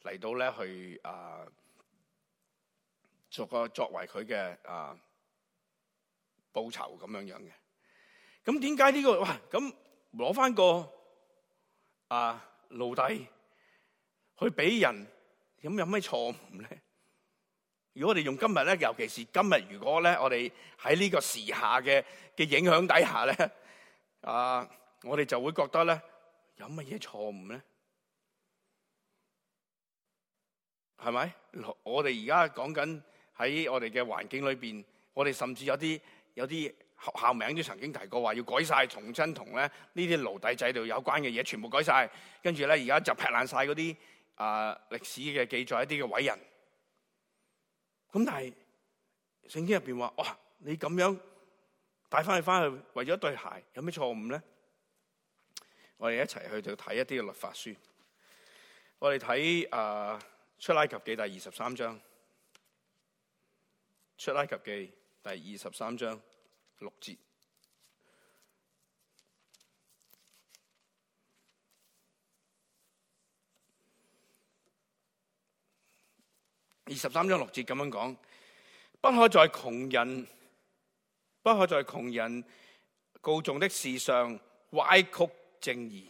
S1: 嚟到咧去啊，作個作為佢嘅啊報酬咁樣樣嘅。咁點解呢個哇？咁攞翻個啊奴隸去俾人咁、嗯、有咩錯誤咧？如果我哋用今日咧，尤其是今日，如果咧，我哋喺呢個時下嘅嘅影響底下咧，啊，我哋就會覺得咧，有乜嘢錯誤咧？係咪？我哋而家講緊喺我哋嘅環境裏邊，我哋甚至有啲有啲學校名都曾經提過話要改晒重新同咧呢啲奴隸制度有關嘅嘢，全部改晒，跟住咧而家就劈爛晒嗰啲啊歷史嘅記載，一啲嘅偉人。咁但係聖經入邊話，哇！你咁樣帶翻去翻去，為咗一對鞋，有咩錯誤咧？我哋一齊去就睇一啲嘅律法書。我哋睇，啊《出埃及記》第二十三章，《出埃及記》第二十三章六節。二十三章六節咁樣講，不可在窮人不可在窮人告狀的事上歪曲正義。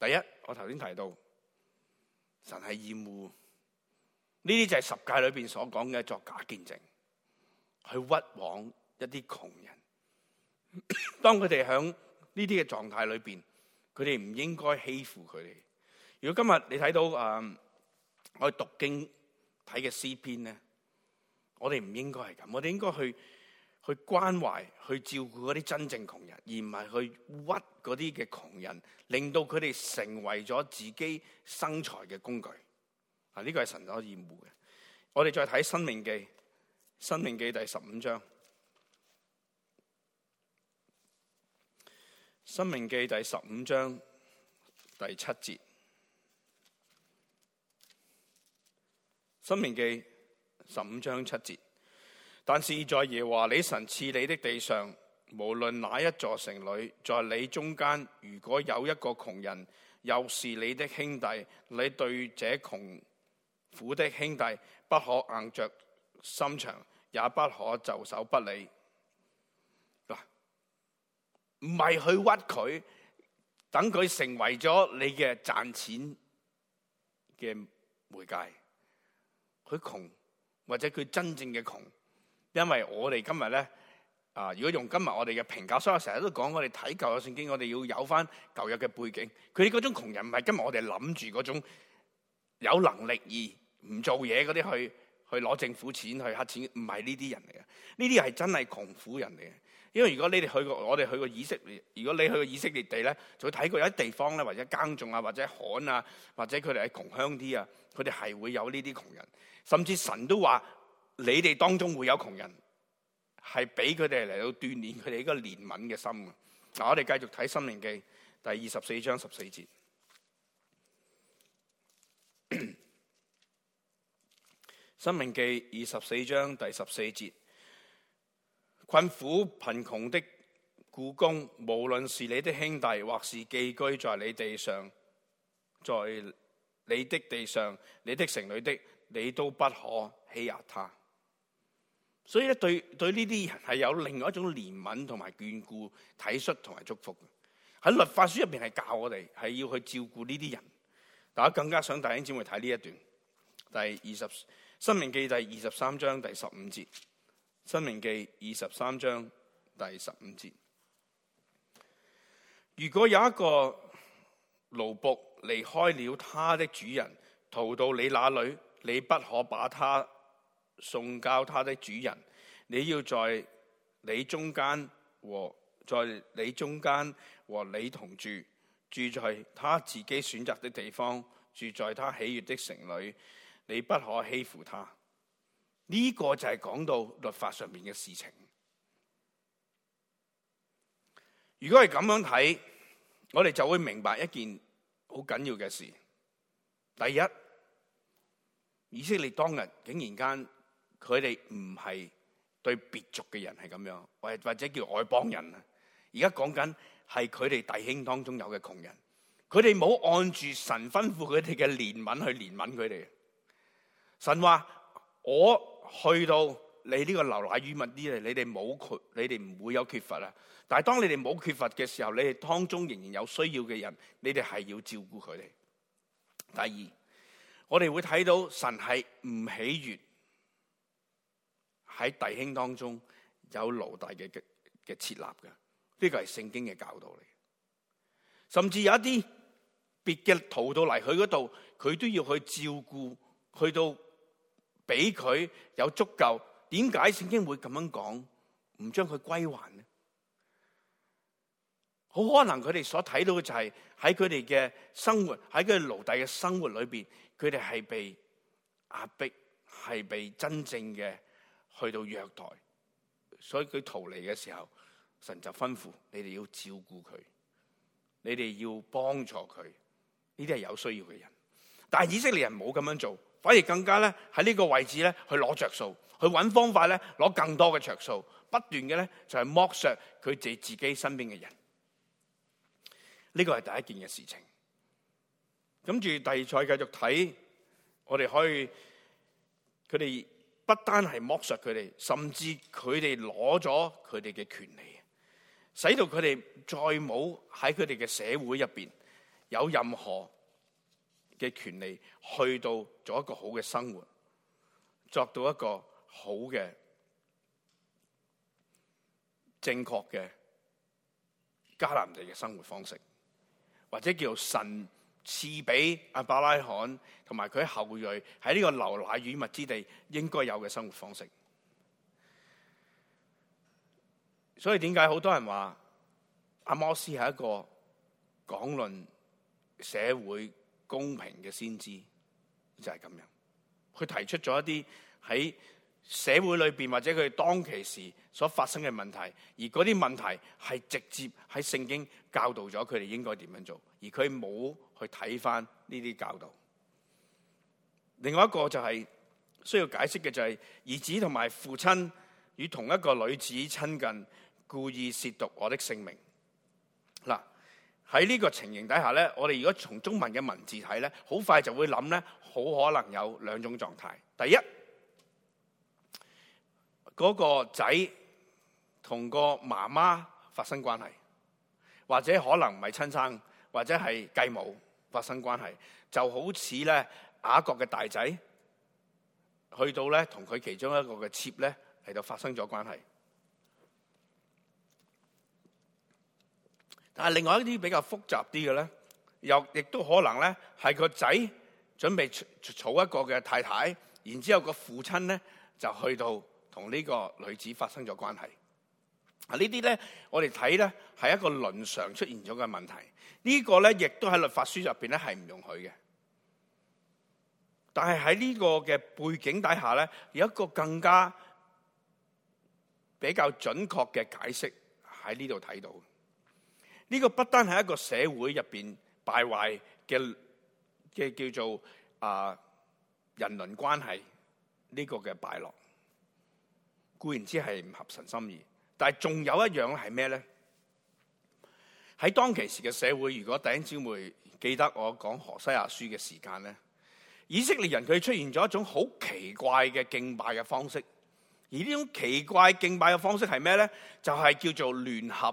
S1: 第一，我頭先提到神係厭惡呢啲就係十誡裏邊所講嘅作假見證，去屈枉一啲窮人。 當佢哋響呢啲嘅狀態裏邊，佢哋唔應該欺負佢哋。如果今日你睇到啊，我讀經。睇嘅詩篇咧，我哋唔應該係咁，我哋應該去去關懷、去照顧嗰啲真正窮人，而唔係去屈嗰啲嘅窮人，令到佢哋成為咗自己生財嘅工具。啊，呢個係神所厭惡嘅。我哋再睇《申命記》，《申命記》第十五章，《申命記》第十五章第七節。申命記十五章七節，但是在耶和華你神賜你的地上，無論哪一座城裏，在你中間，如果有一個窮人，又是你的兄弟，你對這窮苦的兄弟不可硬着心腸，也不可袖手不理。嗱，唔係去屈佢，等佢成為咗你嘅賺錢嘅媒介。佢窮，或者佢真正嘅窮，因為我哋今日咧啊，如果用今日我哋嘅評價，所以我成日都講，我哋睇舊約聖經，我哋要有翻舊約嘅背景。佢嗰種窮人唔係今日我哋諗住嗰種有能力而唔做嘢嗰啲，去去攞政府錢去乞錢，唔係呢啲人嚟嘅，呢啲係真係窮苦人嚟嘅。因為如果你哋去過，我哋去過以色列，如果你去過以色列地咧，就會睇過有啲地方咧，或者耕種啊，或者旱啊，或者佢哋係窮鄉啲啊，佢哋係會有呢啲窮人。甚至神都話你哋當中會有窮人，係俾佢哋嚟到鍛煉佢哋呢個憐憫嘅心啊！嗱，我哋繼續睇《申命記》第二十四章十四節， 《申命記》二十四章第十四節。困苦貧窮的僱工，無論是你的兄弟，或是寄居在你的地上，在你的地上，你的城裏的，你都不可欺壓他。所以咧，對對呢啲人係有另外一種憐憫同埋眷顧、體恤同埋祝福。喺律法書入邊係教我哋係要去照顧呢啲人。大家更加想大英姐幕睇呢一段，第二十申命記第二十三章第十五節。申命記二十三章第十五節：如果有一個奴僕離開了他的主人，逃到你那裡，你不可把他送交他的主人，你要在你中間和在你中間和你同住，住在他自己選擇的地方，住在他喜悦的城裡，你不可欺負他。呢個就係講到律法上面嘅事情。如果係咁樣睇，我哋就會明白一件好緊要嘅事。第一，以色列當日竟然間佢哋唔係對別族嘅人係咁樣，或或者叫外邦人啊。而家講緊係佢哋弟兄當中有嘅窮人，佢哋冇按住神吩咐佢哋嘅憐憫去憐憫佢哋。神話。我去到你呢個流奶與蜜嘅，你哋冇缺，你哋唔會有缺乏啦。但係當你哋冇缺乏嘅時候，你哋當中仍然有需要嘅人，你哋係要照顧佢哋。第二，我哋會睇到神係唔喜悦喺弟兄當中有奴隸嘅嘅設立嘅，呢個係聖經嘅教導嚟。甚至有一啲別嘅逃到嚟佢嗰度，佢都要去照顧，去到。俾佢有足夠？點解聖經會咁樣講？唔將佢歸還呢？好可能佢哋所睇到嘅就係喺佢哋嘅生活，喺佢奴隸嘅生活裏邊，佢哋係被壓迫，係被真正嘅去到虐待。所以佢逃離嘅時候，神就吩咐你哋要照顧佢，你哋要幫助佢。呢啲係有需要嘅人，但係以色列人冇咁樣做。反而更加咧喺呢個位置咧去攞着數，去揾方法咧攞更多嘅着數，不斷嘅咧就係剝削佢哋自己身邊嘅人。呢個係第一件嘅事情。跟住第二再繼續睇，我哋可以佢哋不單係剝削佢哋，甚至佢哋攞咗佢哋嘅權利，使到佢哋再冇喺佢哋嘅社會入邊有任何。嘅權利去到做一個好嘅生活，作到一個好嘅正確嘅迦南地嘅生活方式，或者叫做神賜俾亞伯拉罕同埋佢後裔喺呢個流奶與蜜之地應該有嘅生活方式。所以點解好多人話阿摩司係一個講論社會公平嘅先知就係咁樣，佢提出咗一啲喺社會裏邊或者佢當其時所發生嘅問題，而嗰啲問題係直接喺聖經教導咗佢哋應該點樣做，而佢冇去睇返呢啲教導。另外一個就係需要解釋嘅就係兒子同埋父親與同一個女子親近，故意褻瀆我的聖名。嗱。喺呢個情形底下咧，我哋如果從中文嘅文字睇咧，好快就會諗咧，好可能有兩種狀態。第一，嗰個仔同個媽媽發生關係，或者可能唔係親生，或者係繼母發生關係，就好似咧雅各嘅大仔去到咧同佢其中一個嘅妾咧喺度發生咗關係。啊，另外一啲比較複雜啲嘅咧，又亦都可能咧係個仔準備儲一個嘅太太，然之後個父親咧就去到同呢個女子發生咗關係。啊，呢啲咧我哋睇咧係一個倫常出現咗嘅問題，呢個咧亦都喺律法書入邊咧係唔容許嘅。但係喺呢個嘅背景底下咧，有一個更加比較準確嘅解釋喺呢度睇到。呢個不單係一個社會入邊敗壞嘅嘅叫做啊、呃、人倫關係呢、這個嘅敗落，固然之係唔合神心意。但係仲有一樣係咩咧？喺當其時嘅社會，如果弟兄姊妹記得我講《何西亞書》嘅時間咧，以色列人佢出現咗一種好奇怪嘅敬拜嘅方式。而呢種奇怪嘅敬拜嘅方式係咩咧？就係、是、叫做聯合。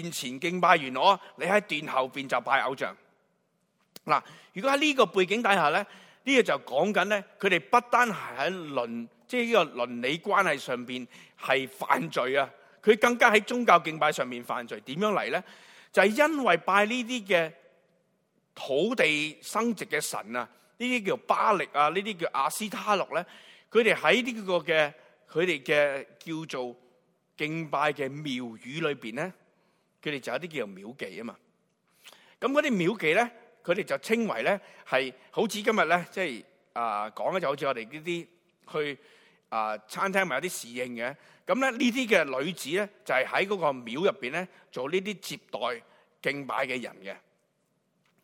S1: 殿前敬拜完我，你喺殿後邊就拜偶像。嗱，如果喺呢個背景底下咧，呢個就講緊咧，佢哋不單係喺倫，即係呢個倫理關係上邊係犯罪啊，佢更加喺宗教敬拜上面犯罪。點樣嚟咧？就係因為拜呢啲嘅土地生殖嘅神啊，呢啲叫巴力啊，呢啲叫阿斯塔洛咧，佢哋喺呢個嘅佢哋嘅叫做敬拜嘅廟宇裏邊咧。佢哋就有啲叫做廟妓啊嘛，咁嗰啲廟妓咧，佢哋就稱為咧係好似今日咧，即係啊講咧就好似我哋呢啲去啊餐廳咪有啲侍應嘅，咁咧呢啲嘅女子咧就係喺嗰個廟入邊咧做呢啲接待敬拜嘅人嘅，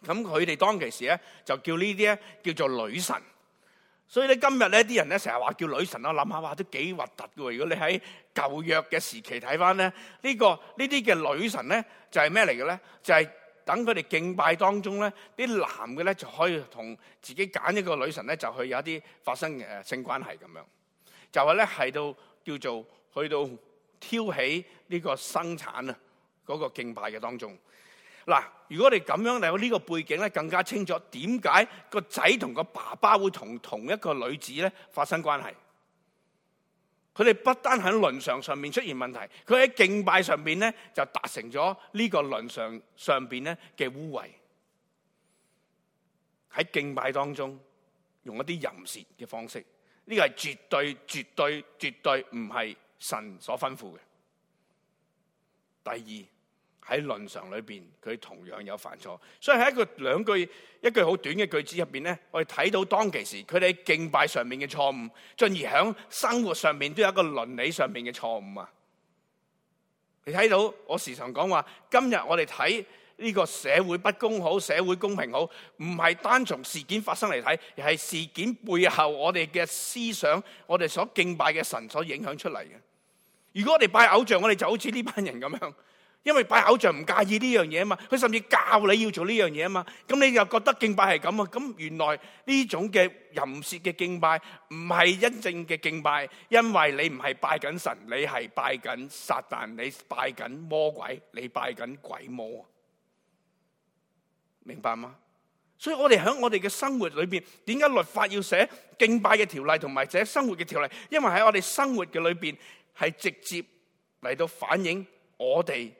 S1: 咁佢哋當其時咧就叫呢啲咧叫做女神。所以咧，今日咧啲人咧成日話叫女神，我諗下哇，都幾核突嘅喎！如果你喺舊約嘅時期睇翻咧，呢個呢啲嘅女神咧就係咩嚟嘅咧？就係等佢哋敬拜當中咧，啲男嘅咧就可以同自己揀一個女神咧，就去有一啲發生嘅性關係咁樣，就係咧係到叫做去到挑起呢個生產啊嗰個敬拜嘅當中。嗱，如果你咁樣嚟，有、這、呢個背景咧，更加清楚點解個仔同個爸爸會同同一個女子咧發生關係？佢哋不單喺倫常上面出現問題，佢喺敬拜上邊咧就達成咗呢個倫常上邊咧嘅污穢。喺敬拜當中，用一啲淫褻嘅方式，呢個係絕對、絕對、絕對唔係神所吩咐嘅。第二。喺倫常裏邊，佢同樣有犯錯，所以喺一個兩句一句好短嘅句子入邊呢，我哋睇到當其時佢哋敬拜上面嘅錯誤，進而喺生活上面都有一個倫理上面嘅錯誤啊！你睇到我時常講話，今日我哋睇呢個社會不公好，社會公平好，唔係單從事件發生嚟睇，而係事件背後我哋嘅思想，我哋所敬拜嘅神所影響出嚟嘅。如果我哋拜偶像，我哋就好似呢班人咁樣。因為拜偶像唔介意呢樣嘢啊嘛，佢甚至教你要做呢樣嘢啊嘛，咁你又覺得敬拜係咁啊？咁原來呢種嘅淫褻嘅敬拜唔係真正嘅敬拜，因為你唔係拜緊神，你係拜緊撒旦，你拜緊魔鬼，你拜緊鬼魔，明白嗎？所以我哋喺我哋嘅生活裏邊，點解律法要寫敬拜嘅條例同埋寫生活嘅條例？因為喺我哋生活嘅裏邊係直接嚟到反映我哋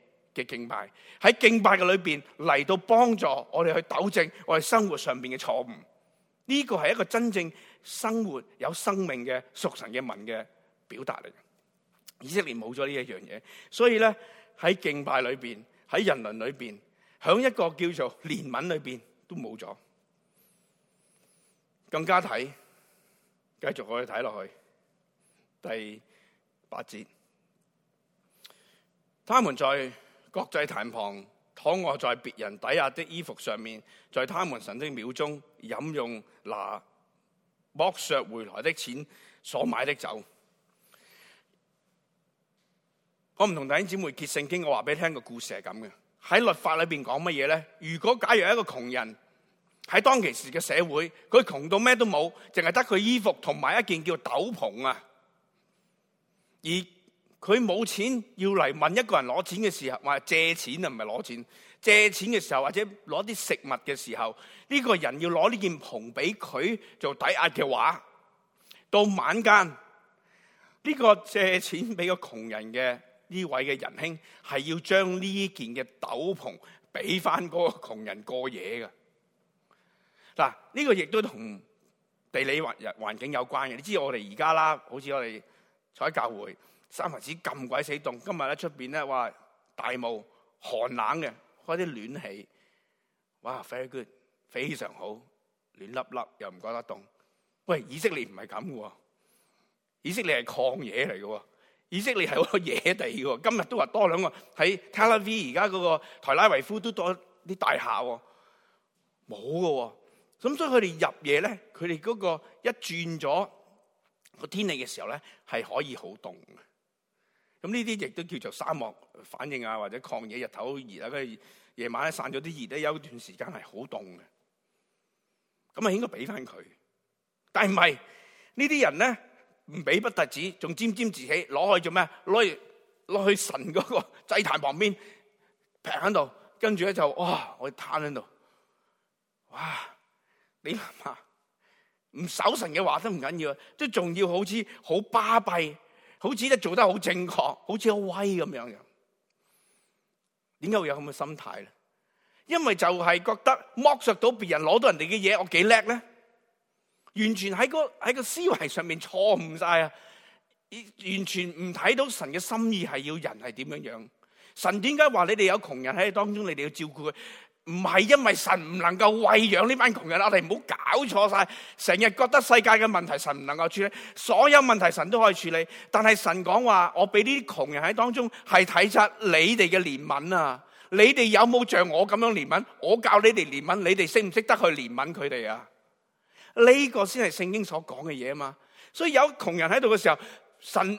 S1: 嘅敬拜，喺敬拜嘅裏邊嚟到幫助我哋去糾正我哋生活上邊嘅錯誤，呢個係一個真正生活有生命嘅屬神嘅民嘅表達嚟。以色列冇咗呢一樣嘢，所以咧，喺敬拜裏邊，喺人倫裏邊，響一個叫做憐憫裏邊都冇咗，更加睇，繼續可以睇落去第八節，他們在，各祭壇旁躺臥在別人抵押的衣服上面，在他們神的廟中飲用拿剝削回來的錢所買的酒。我唔同弟兄姊妹結聖經我，我話俾你聽個故事係咁嘅。喺律法裏邊講乜嘢咧？如果假如一個窮人喺當其時嘅社會，佢窮到咩都冇，淨係得佢衣服同埋一件叫斗篷啊，而。佢冇錢要嚟問一個人攞錢嘅時候，或借錢啊，唔係攞錢。借錢嘅時候，或者攞啲食物嘅時候，呢個人要攞呢件篷俾佢做抵押嘅話，到晚間呢個借錢俾個窮人嘅呢位嘅仁兄，係要將呢件嘅斗篷俾翻嗰個窮人過夜嘅。嗱，呢個亦都同地理環環境有關嘅。你知我哋而家啦，好似我哋坐喺教會。三文紙咁鬼死凍，今日咧，出面咧，哇大霧寒冷嘅，開啲暖氣，哇 very good 非常好，暖粒粒又唔覺得凍。喂，以色列唔係咁喎，以色列係曠野嚟嘅喎，以色列係好多野地喎。今日都話多兩個喺 Tel Aviv 而家嗰個台拉維夫都多啲大廈喎，冇㗎喎。咁所以佢哋入夜咧，佢哋嗰個一轉咗個天氣嘅時候咧，係可以好凍咁呢啲亦都叫做沙漠反應啊，或者曠野，日頭熱啊，跟住夜晚散咗啲熱咧，有段時間係好凍嘅。咁啊應該俾翻佢，但係唔係呢啲人咧唔俾不特止，仲沾沾自喜攞去做咩？攞去攞去神嗰個祭壇旁邊劈喺度，跟住咧就哇我攤喺度，哇，哇你啊唔守神嘅話都唔緊要，即係仲要好似好巴閉。好似咧做得好正確，好似好威咁樣樣。點解會有咁嘅心態咧？因為就係覺得剝削到別人，攞到人哋嘅嘢，我幾叻咧？完全喺個喺個思維上面錯誤晒啊！完全唔睇到神嘅心意係要人係點樣樣。神點解話你哋有窮人喺你當中，你哋要照顧佢？唔係因為神唔能夠餵養呢班窮人，我哋唔好搞錯晒，成日覺得世界嘅問題神唔能夠處理，所有問題神都可以處理。但係神講話，我俾呢啲窮人喺當中係體察你哋嘅憐憫啊！你哋有冇像我咁樣憐憫？我教你哋憐憫，你哋識唔識得去憐憫佢哋啊？呢個先係聖經所講嘅嘢啊嘛！所以有窮人喺度嘅時候，神。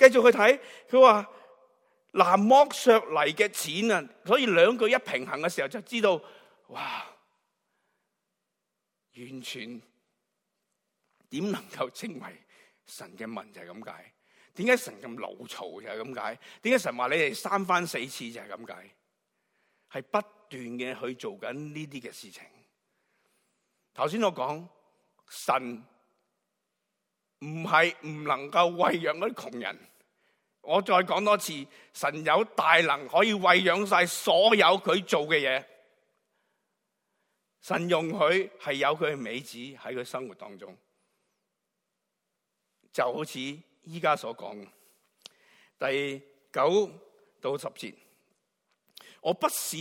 S1: 繼續去睇，佢話拿剝削嚟嘅錢啊，所以兩句一平衡嘅時候，就知道哇，完全點能夠稱為神嘅文就係咁解？點解神咁怒嘈就係咁解？點解神話你哋三番四次就係咁解？係不斷嘅去做緊呢啲嘅事情。頭先我講神。唔係唔能夠餵養嗰啲窮人。我再講多次，神有大能可以餵養晒所有佢做嘅嘢。神用佢，係有佢嘅美子喺佢生活當中，就好似依家所講第九到十節。我不是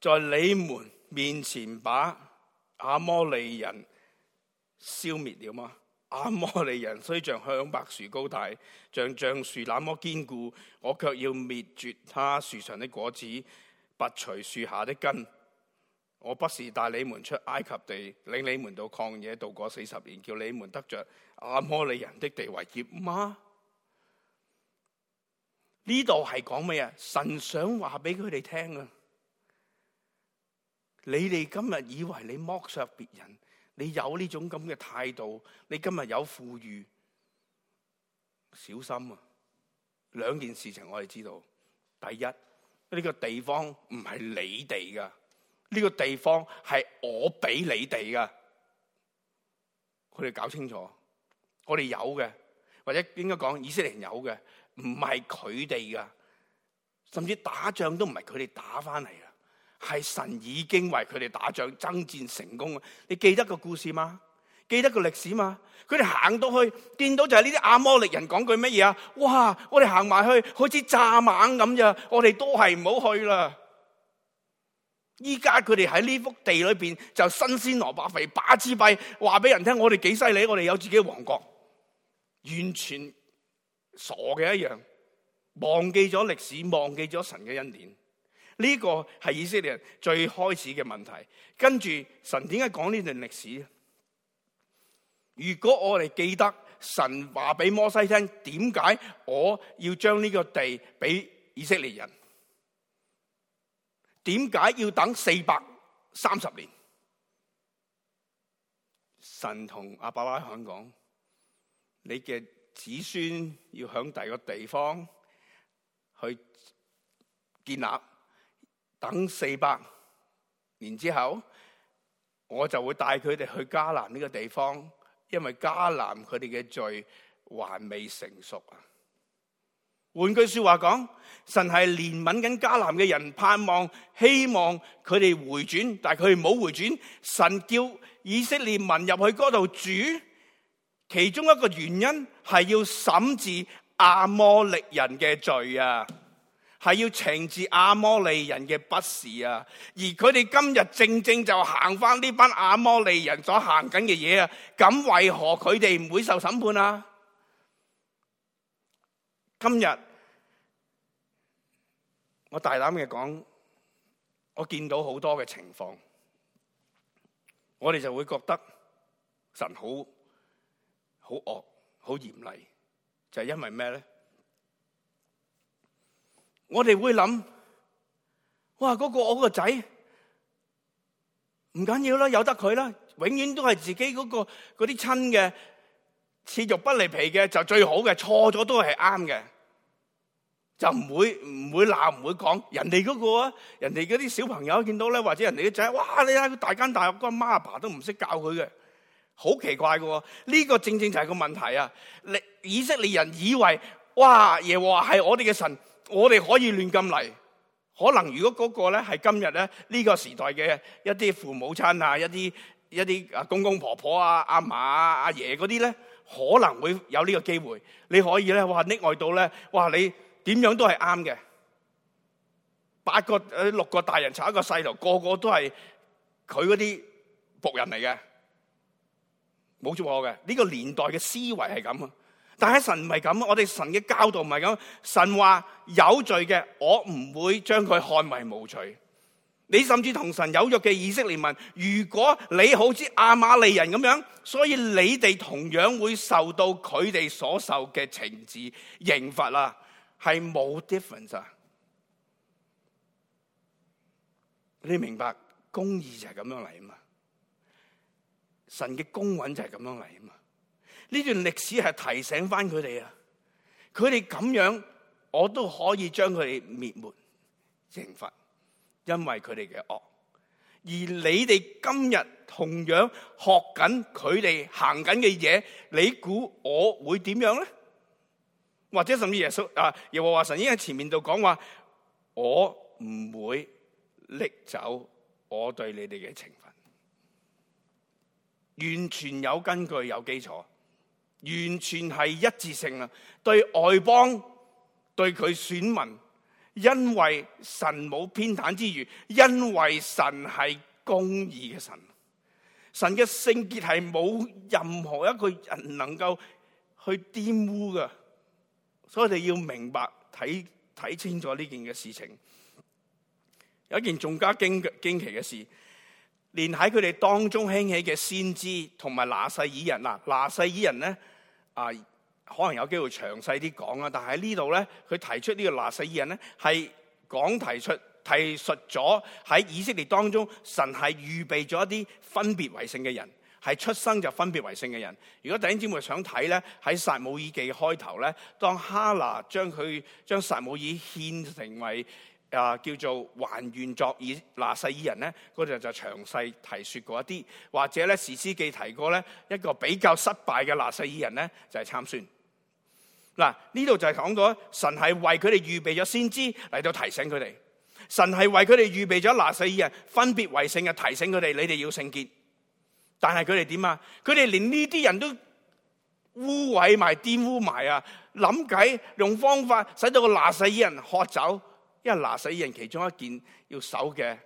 S1: 在你們面前把阿摩利人消滅了嗎？阿摩利人雖像香白樹高大，像橡樹那麼堅固，我卻要滅絕他樹上的果子，拔除樹下的根。我不是帶你們出埃及地，領你們到曠野度過四十年，叫你們得着阿摩利人的地位業嗎？呢度係講咩啊？神想話俾佢哋聽啊！你哋今日以為你剝削別人。你有呢種咁嘅態度，你今日有富裕，小心啊！兩件事情我哋知道，第一呢個地方唔係你哋噶，呢個地方係我俾你哋噶，佢哋搞清楚，我哋有嘅，或者應該講以色列人有嘅，唔係佢哋噶，甚至打仗都唔係佢哋打返嚟。係神已經為佢哋打仗爭戰成功啊！你記得個故事嗎？記得個歷史嗎？佢哋行到去見到就係呢啲阿摩力人講句乜嘢啊？哇！我哋行埋去好似蚱蜢咁咋？我哋都係唔好去啦！依家佢哋喺呢幅地裏邊就新鮮蘿蔔肥把子幣，話俾人聽我哋幾犀利，我哋有自己嘅王國，完全傻嘅一樣，忘記咗歷史，忘記咗神嘅恩典。呢個係以色列人最開始嘅問題。跟住神點解講呢段歷史？如果我哋記得神話俾摩西聽，點解我要將呢個地俾以色列人？點解要等四百三十年？神同亞伯拉罕講：你嘅子孫要響第二個地方去建立。等四百年之後，我就會帶佢哋去迦南呢個地方，因為迦南佢哋嘅罪還未成熟啊。換句說話講，神係憐憫緊迦南嘅人，盼望希望佢哋回轉，但係佢哋冇回轉。神叫以色列民入去嗰度住，其中一個原因係要審治阿摩利人嘅罪啊。係要懲治阿摩利人嘅不是啊，而佢哋今日正正就行翻呢班阿摩利人所行緊嘅嘢啊，咁為何佢哋唔會受審判啊？今日我大膽嘅講，我見到好多嘅情況，我哋就會覺得神好好惡、好嚴厲，就係因為咩咧？我哋會諗，哇！嗰個我個仔唔緊要啦，由得佢啦，永遠都係自己嗰個嗰啲親嘅，切肉不離皮嘅就最好嘅，錯咗都係啱嘅，就唔會唔會鬧唔會講人哋嗰個啊，人哋嗰啲小朋友見到咧，或者人哋嘅仔，哇！你睇佢大奸大惡，個阿媽阿爸都唔識教佢嘅，好奇怪嘅，呢個正正就係個問題啊！以色列人以為，哇！耶和華係我哋嘅神。我哋可以亂咁嚟，可能如果嗰個咧係今日咧呢個時代嘅一啲父母親啊，一啲一啲啊公公婆婆啊、阿嫲啊、阿爺嗰啲咧，可能會有呢個機會，你可以咧哇溺愛到咧哇你點樣都係啱嘅，八個誒六個大人湊一個細路，個個都係佢嗰啲僕人嚟嘅，冇錯嘅，呢個年代嘅思維係咁啊。但係神唔係咁，我哋神嘅教導唔係咁。神話有罪嘅，我唔會將佢看為無罪。你甚至同神有約嘅以色列民，如果你好似亞瑪利人咁樣，所以你哋同樣會受到佢哋所受嘅懲治刑罰啦，係冇 difference 啊！你明白公義就係咁樣嚟啊嘛？神嘅公允就係咁樣嚟啊嘛？呢段歷史係提醒翻佢哋啊！佢哋咁樣，我都可以將佢哋滅門、懲罰，因為佢哋嘅惡。而你哋今日同樣學緊佢哋行緊嘅嘢，你估我會點樣咧？或者甚至耶穌啊，耶和華神已經喺前面度講話：我唔會搦走我對你哋嘅懲罰，完全有根據、有基礎。完全係一致性啦，對外邦對佢選民，因為神冇偏袒之馀，因為神係公義嘅神，神嘅聖潔係冇任何一個人能夠去玷污㗎，所以你要明白睇睇清楚呢件嘅事情，有一件仲加驚驚奇嘅事。連喺佢哋當中興起嘅先知，同埋拿細耳人嗱，拿細耳人咧，啊，可能有機會詳細啲講啊。但係喺呢度咧，佢提出呢個拿細耳人咧，係講提出提述咗喺以色列當中，神係預備咗一啲分別為聖嘅人，係出生就分別為聖嘅人。如果弟兄姊妹想睇咧，喺撒母耳記開頭咧，當哈拿將佢將撒母耳獻成為。啊，叫做還願作以拿細耳人咧，嗰度就詳細提説過一啲，或者咧士師記提過咧一個比較失敗嘅拿細耳人咧，就係、是、參孫。嗱，呢度就係講咗神係為佢哋預備咗先知嚟到提醒佢哋，神係為佢哋預備咗拿細耳人分別為聖嘅提醒佢哋，你哋要聖潔。但係佢哋點啊？佢哋連呢啲人都污穢埋、玷污埋啊！諗計用方法使到個拿細耳人喝酒。因為拿細耳人其中一件要守嘅，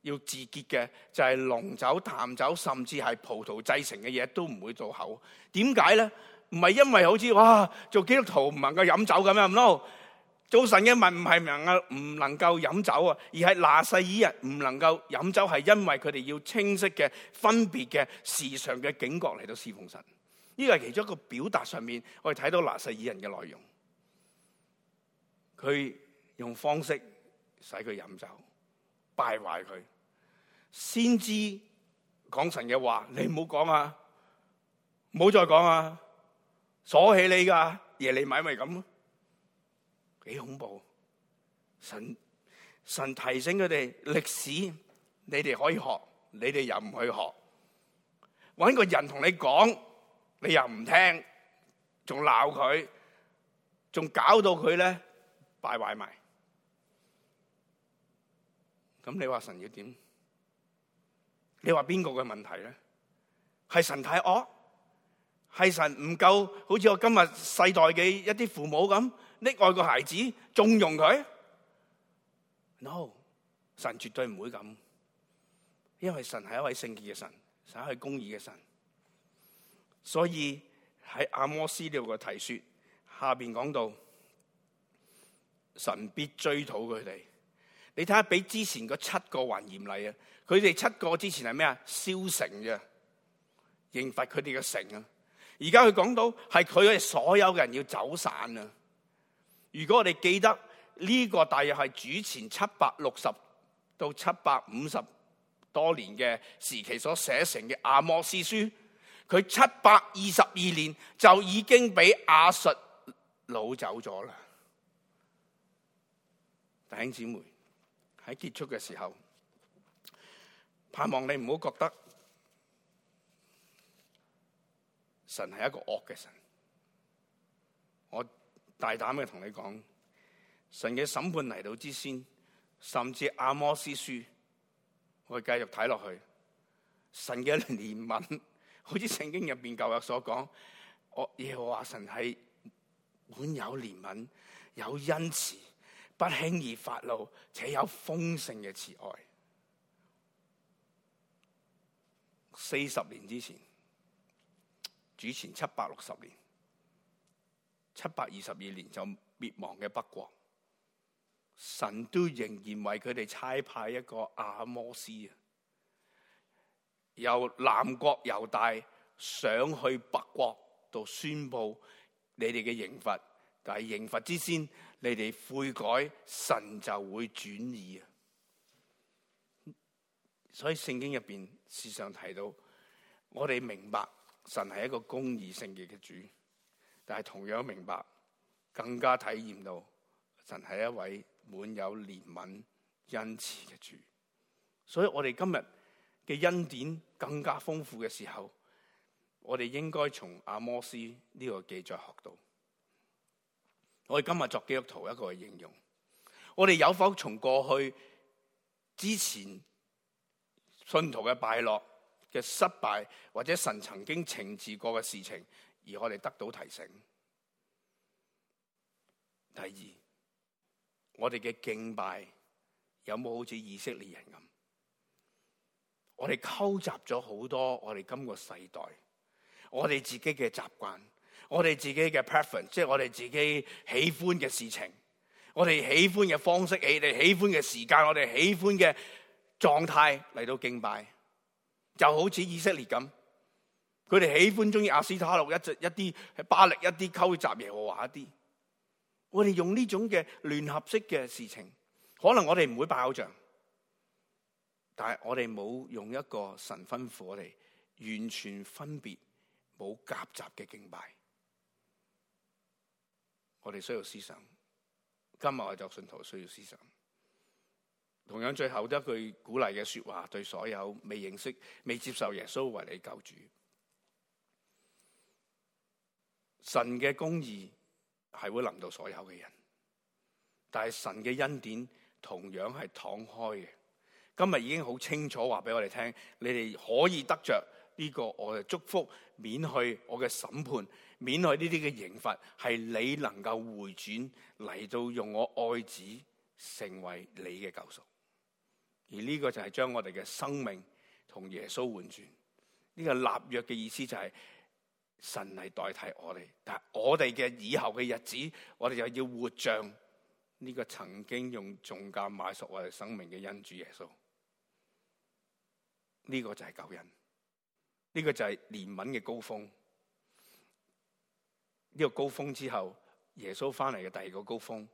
S1: 要自潔嘅，就係、是、濃酒、淡酒，甚至係葡萄製成嘅嘢，都唔會到口。點解咧？唔係因為好似話做基督徒唔能夠飲酒咁樣，唔能做神嘅民唔係唔能唔能夠飲酒啊，而係拿細耳人唔能夠飲酒，係因為佢哋要清晰嘅分別嘅時常嘅警覺嚟到侍奉神。呢個係其中一個表達上面，我哋睇到拿細耳人嘅內容，佢。用方式，使佢飲酒，敗壞佢。先知講神嘅話，你唔好講啊，唔好再講啊，鎖起你噶，耶利米咪咁咯，幾恐怖！神神提醒佢哋歷史，你哋可以學，你哋又唔去學，揾個人同你講，你又唔聽，仲鬧佢，仲搞到佢咧敗壞埋。咁你話神要點？你話邊個嘅問題咧？係神太惡，係神唔夠？好似我今日世代嘅一啲父母咁，溺愛個孩子，縱容佢。No，神絕對唔會咁，因為神係一位聖潔嘅神，神係一位公義嘅神。所以喺阿摩司呢度個提說下邊講到，神必追討佢哋。你睇下，比之前嗰七個還嚴厲啊！佢哋七個之前係咩啊？燒城嘅，刑罰佢哋嘅城啊！而家佢講到係佢哋所有嘅人要走散啊！如果我哋記得呢、這個大約係主前七百六十到七百五十多年嘅時期所寫成嘅阿摩司書，佢七百二十二年就已經俾亞述擄走咗啦！弟兄姊妹。喺結束嘅時候，盼望你唔好覺得神係一個惡嘅神。我大膽嘅同你講，神嘅審判嚟到之先，甚至阿摩司書，我會繼續睇落去，神嘅憐憫，好似聖經入邊舊約所講，我亦話神係滿有憐憫，有恩慈，不輕易發怒，且有豐盛嘅慈愛。四十年前之前，主前七百六十年、七百二十二年就滅亡嘅北國，神都仍然為佢哋差派一個阿摩司，由南國猶大上去北國，度宣布你哋嘅刑罰，但係刑罰之先，你哋悔改，神就會轉意啊！所以聖經入邊時常提到，我哋明白神係一個公義聖潔嘅主，但係同樣明白，更加體驗到神係一位滿有憐憫恩慈嘅主。所以我哋今日嘅恩典更加豐富嘅時候，我哋應該從阿摩斯呢個記載學到。我哋今日作基督徒一個應用，我哋有否從過去之前信徒嘅敗落嘅失敗，或者神曾經懲治過嘅事情，而我哋得到提醒？第二，我哋嘅敬拜有冇好似以色列人咁？我哋溝集咗好多我哋今個世代我哋自己嘅習慣。我哋自己嘅 preference，即係我哋自己喜歡嘅事情，我哋喜歡嘅方式，我哋喜歡嘅時間，我哋喜歡嘅狀態嚟到敬拜，就好似以色列咁，佢哋喜歡中意亞斯他錄一啲，一啲巴力一啲溝雜耶和華一啲，我哋用呢種嘅聯合式嘅事情，可能我哋唔會拜偶像，但係我哋冇用一個神吩咐嚟，完全分別冇夾雜嘅敬拜。我哋需要思想，今日我做信徒需要思想。同樣最後一句鼓勵嘅說話，對所有未認識、未接受耶穌為你救主，神嘅公義係會臨到所有嘅人，但係神嘅恩典同樣係敞開嘅。今日已經好清楚話俾我哋聽，你哋可以得着呢個我嘅祝福，免去我嘅審判。免去呢啲嘅刑罰，係你能夠回轉嚟到用我愛子成為你嘅救贖，而呢個就係將我哋嘅生命同耶穌換轉。呢個立約嘅意思就係神嚟代替我哋，但係我哋嘅以後嘅日子，我哋又要活像呢個曾經用重價買贖我哋生命嘅恩主耶穌。呢個就係救恩，呢個就係憐憫嘅高峰。呢個高峰之後，耶穌翻嚟嘅第二個高峰，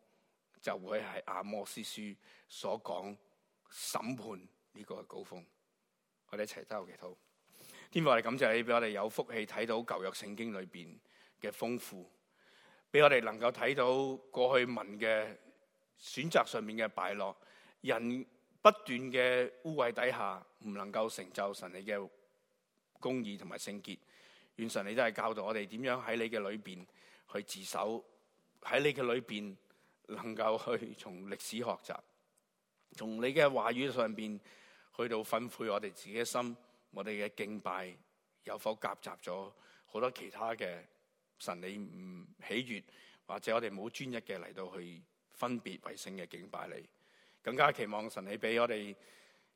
S1: 就會係阿摩司書所講審判呢個高峰。我哋一齊禱告祈討。天父，我哋感謝你俾我哋有福氣睇到舊約聖經裏邊嘅豐富，俾我哋能夠睇到過去民嘅選擇上面嘅敗落，人不斷嘅污穢底下，唔能夠成就神嘅公義同埋聖潔。願神你都係教導我哋點樣喺你嘅裏邊去自首，喺你嘅裏邊能夠去從歷史學習，從你嘅話語上邊去到分配我哋自己嘅心，我哋嘅敬拜有否夾雜咗好多其他嘅神？你唔喜悅，或者我哋冇專一嘅嚟到去分別為聖嘅敬拜你，更加期望神你俾我哋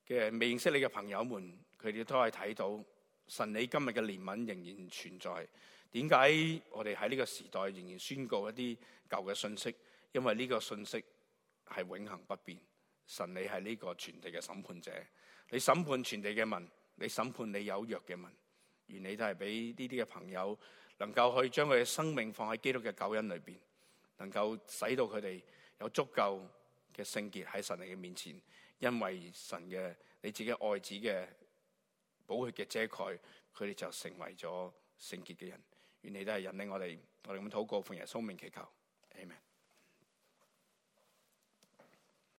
S1: 嘅未認識你嘅朋友們，佢哋都係睇到。神你今日嘅憐憫仍然存在，點解我哋喺呢個時代仍然宣告一啲舊嘅信息？因為呢個信息係永恒不變。神你係呢個全地嘅審判者，你審判全地嘅民，你審判你有約嘅民。而你都係俾呢啲嘅朋友，能夠去將佢嘅生命放喺基督嘅救恩裏邊，能夠使到佢哋有足夠嘅聖潔喺神你嘅面前，因為神嘅你自己愛子嘅。保血嘅遮蓋，佢哋就成為咗聖潔嘅人，願你都係引領我哋，我哋咁禱告，奉耶穌名祈求，amen。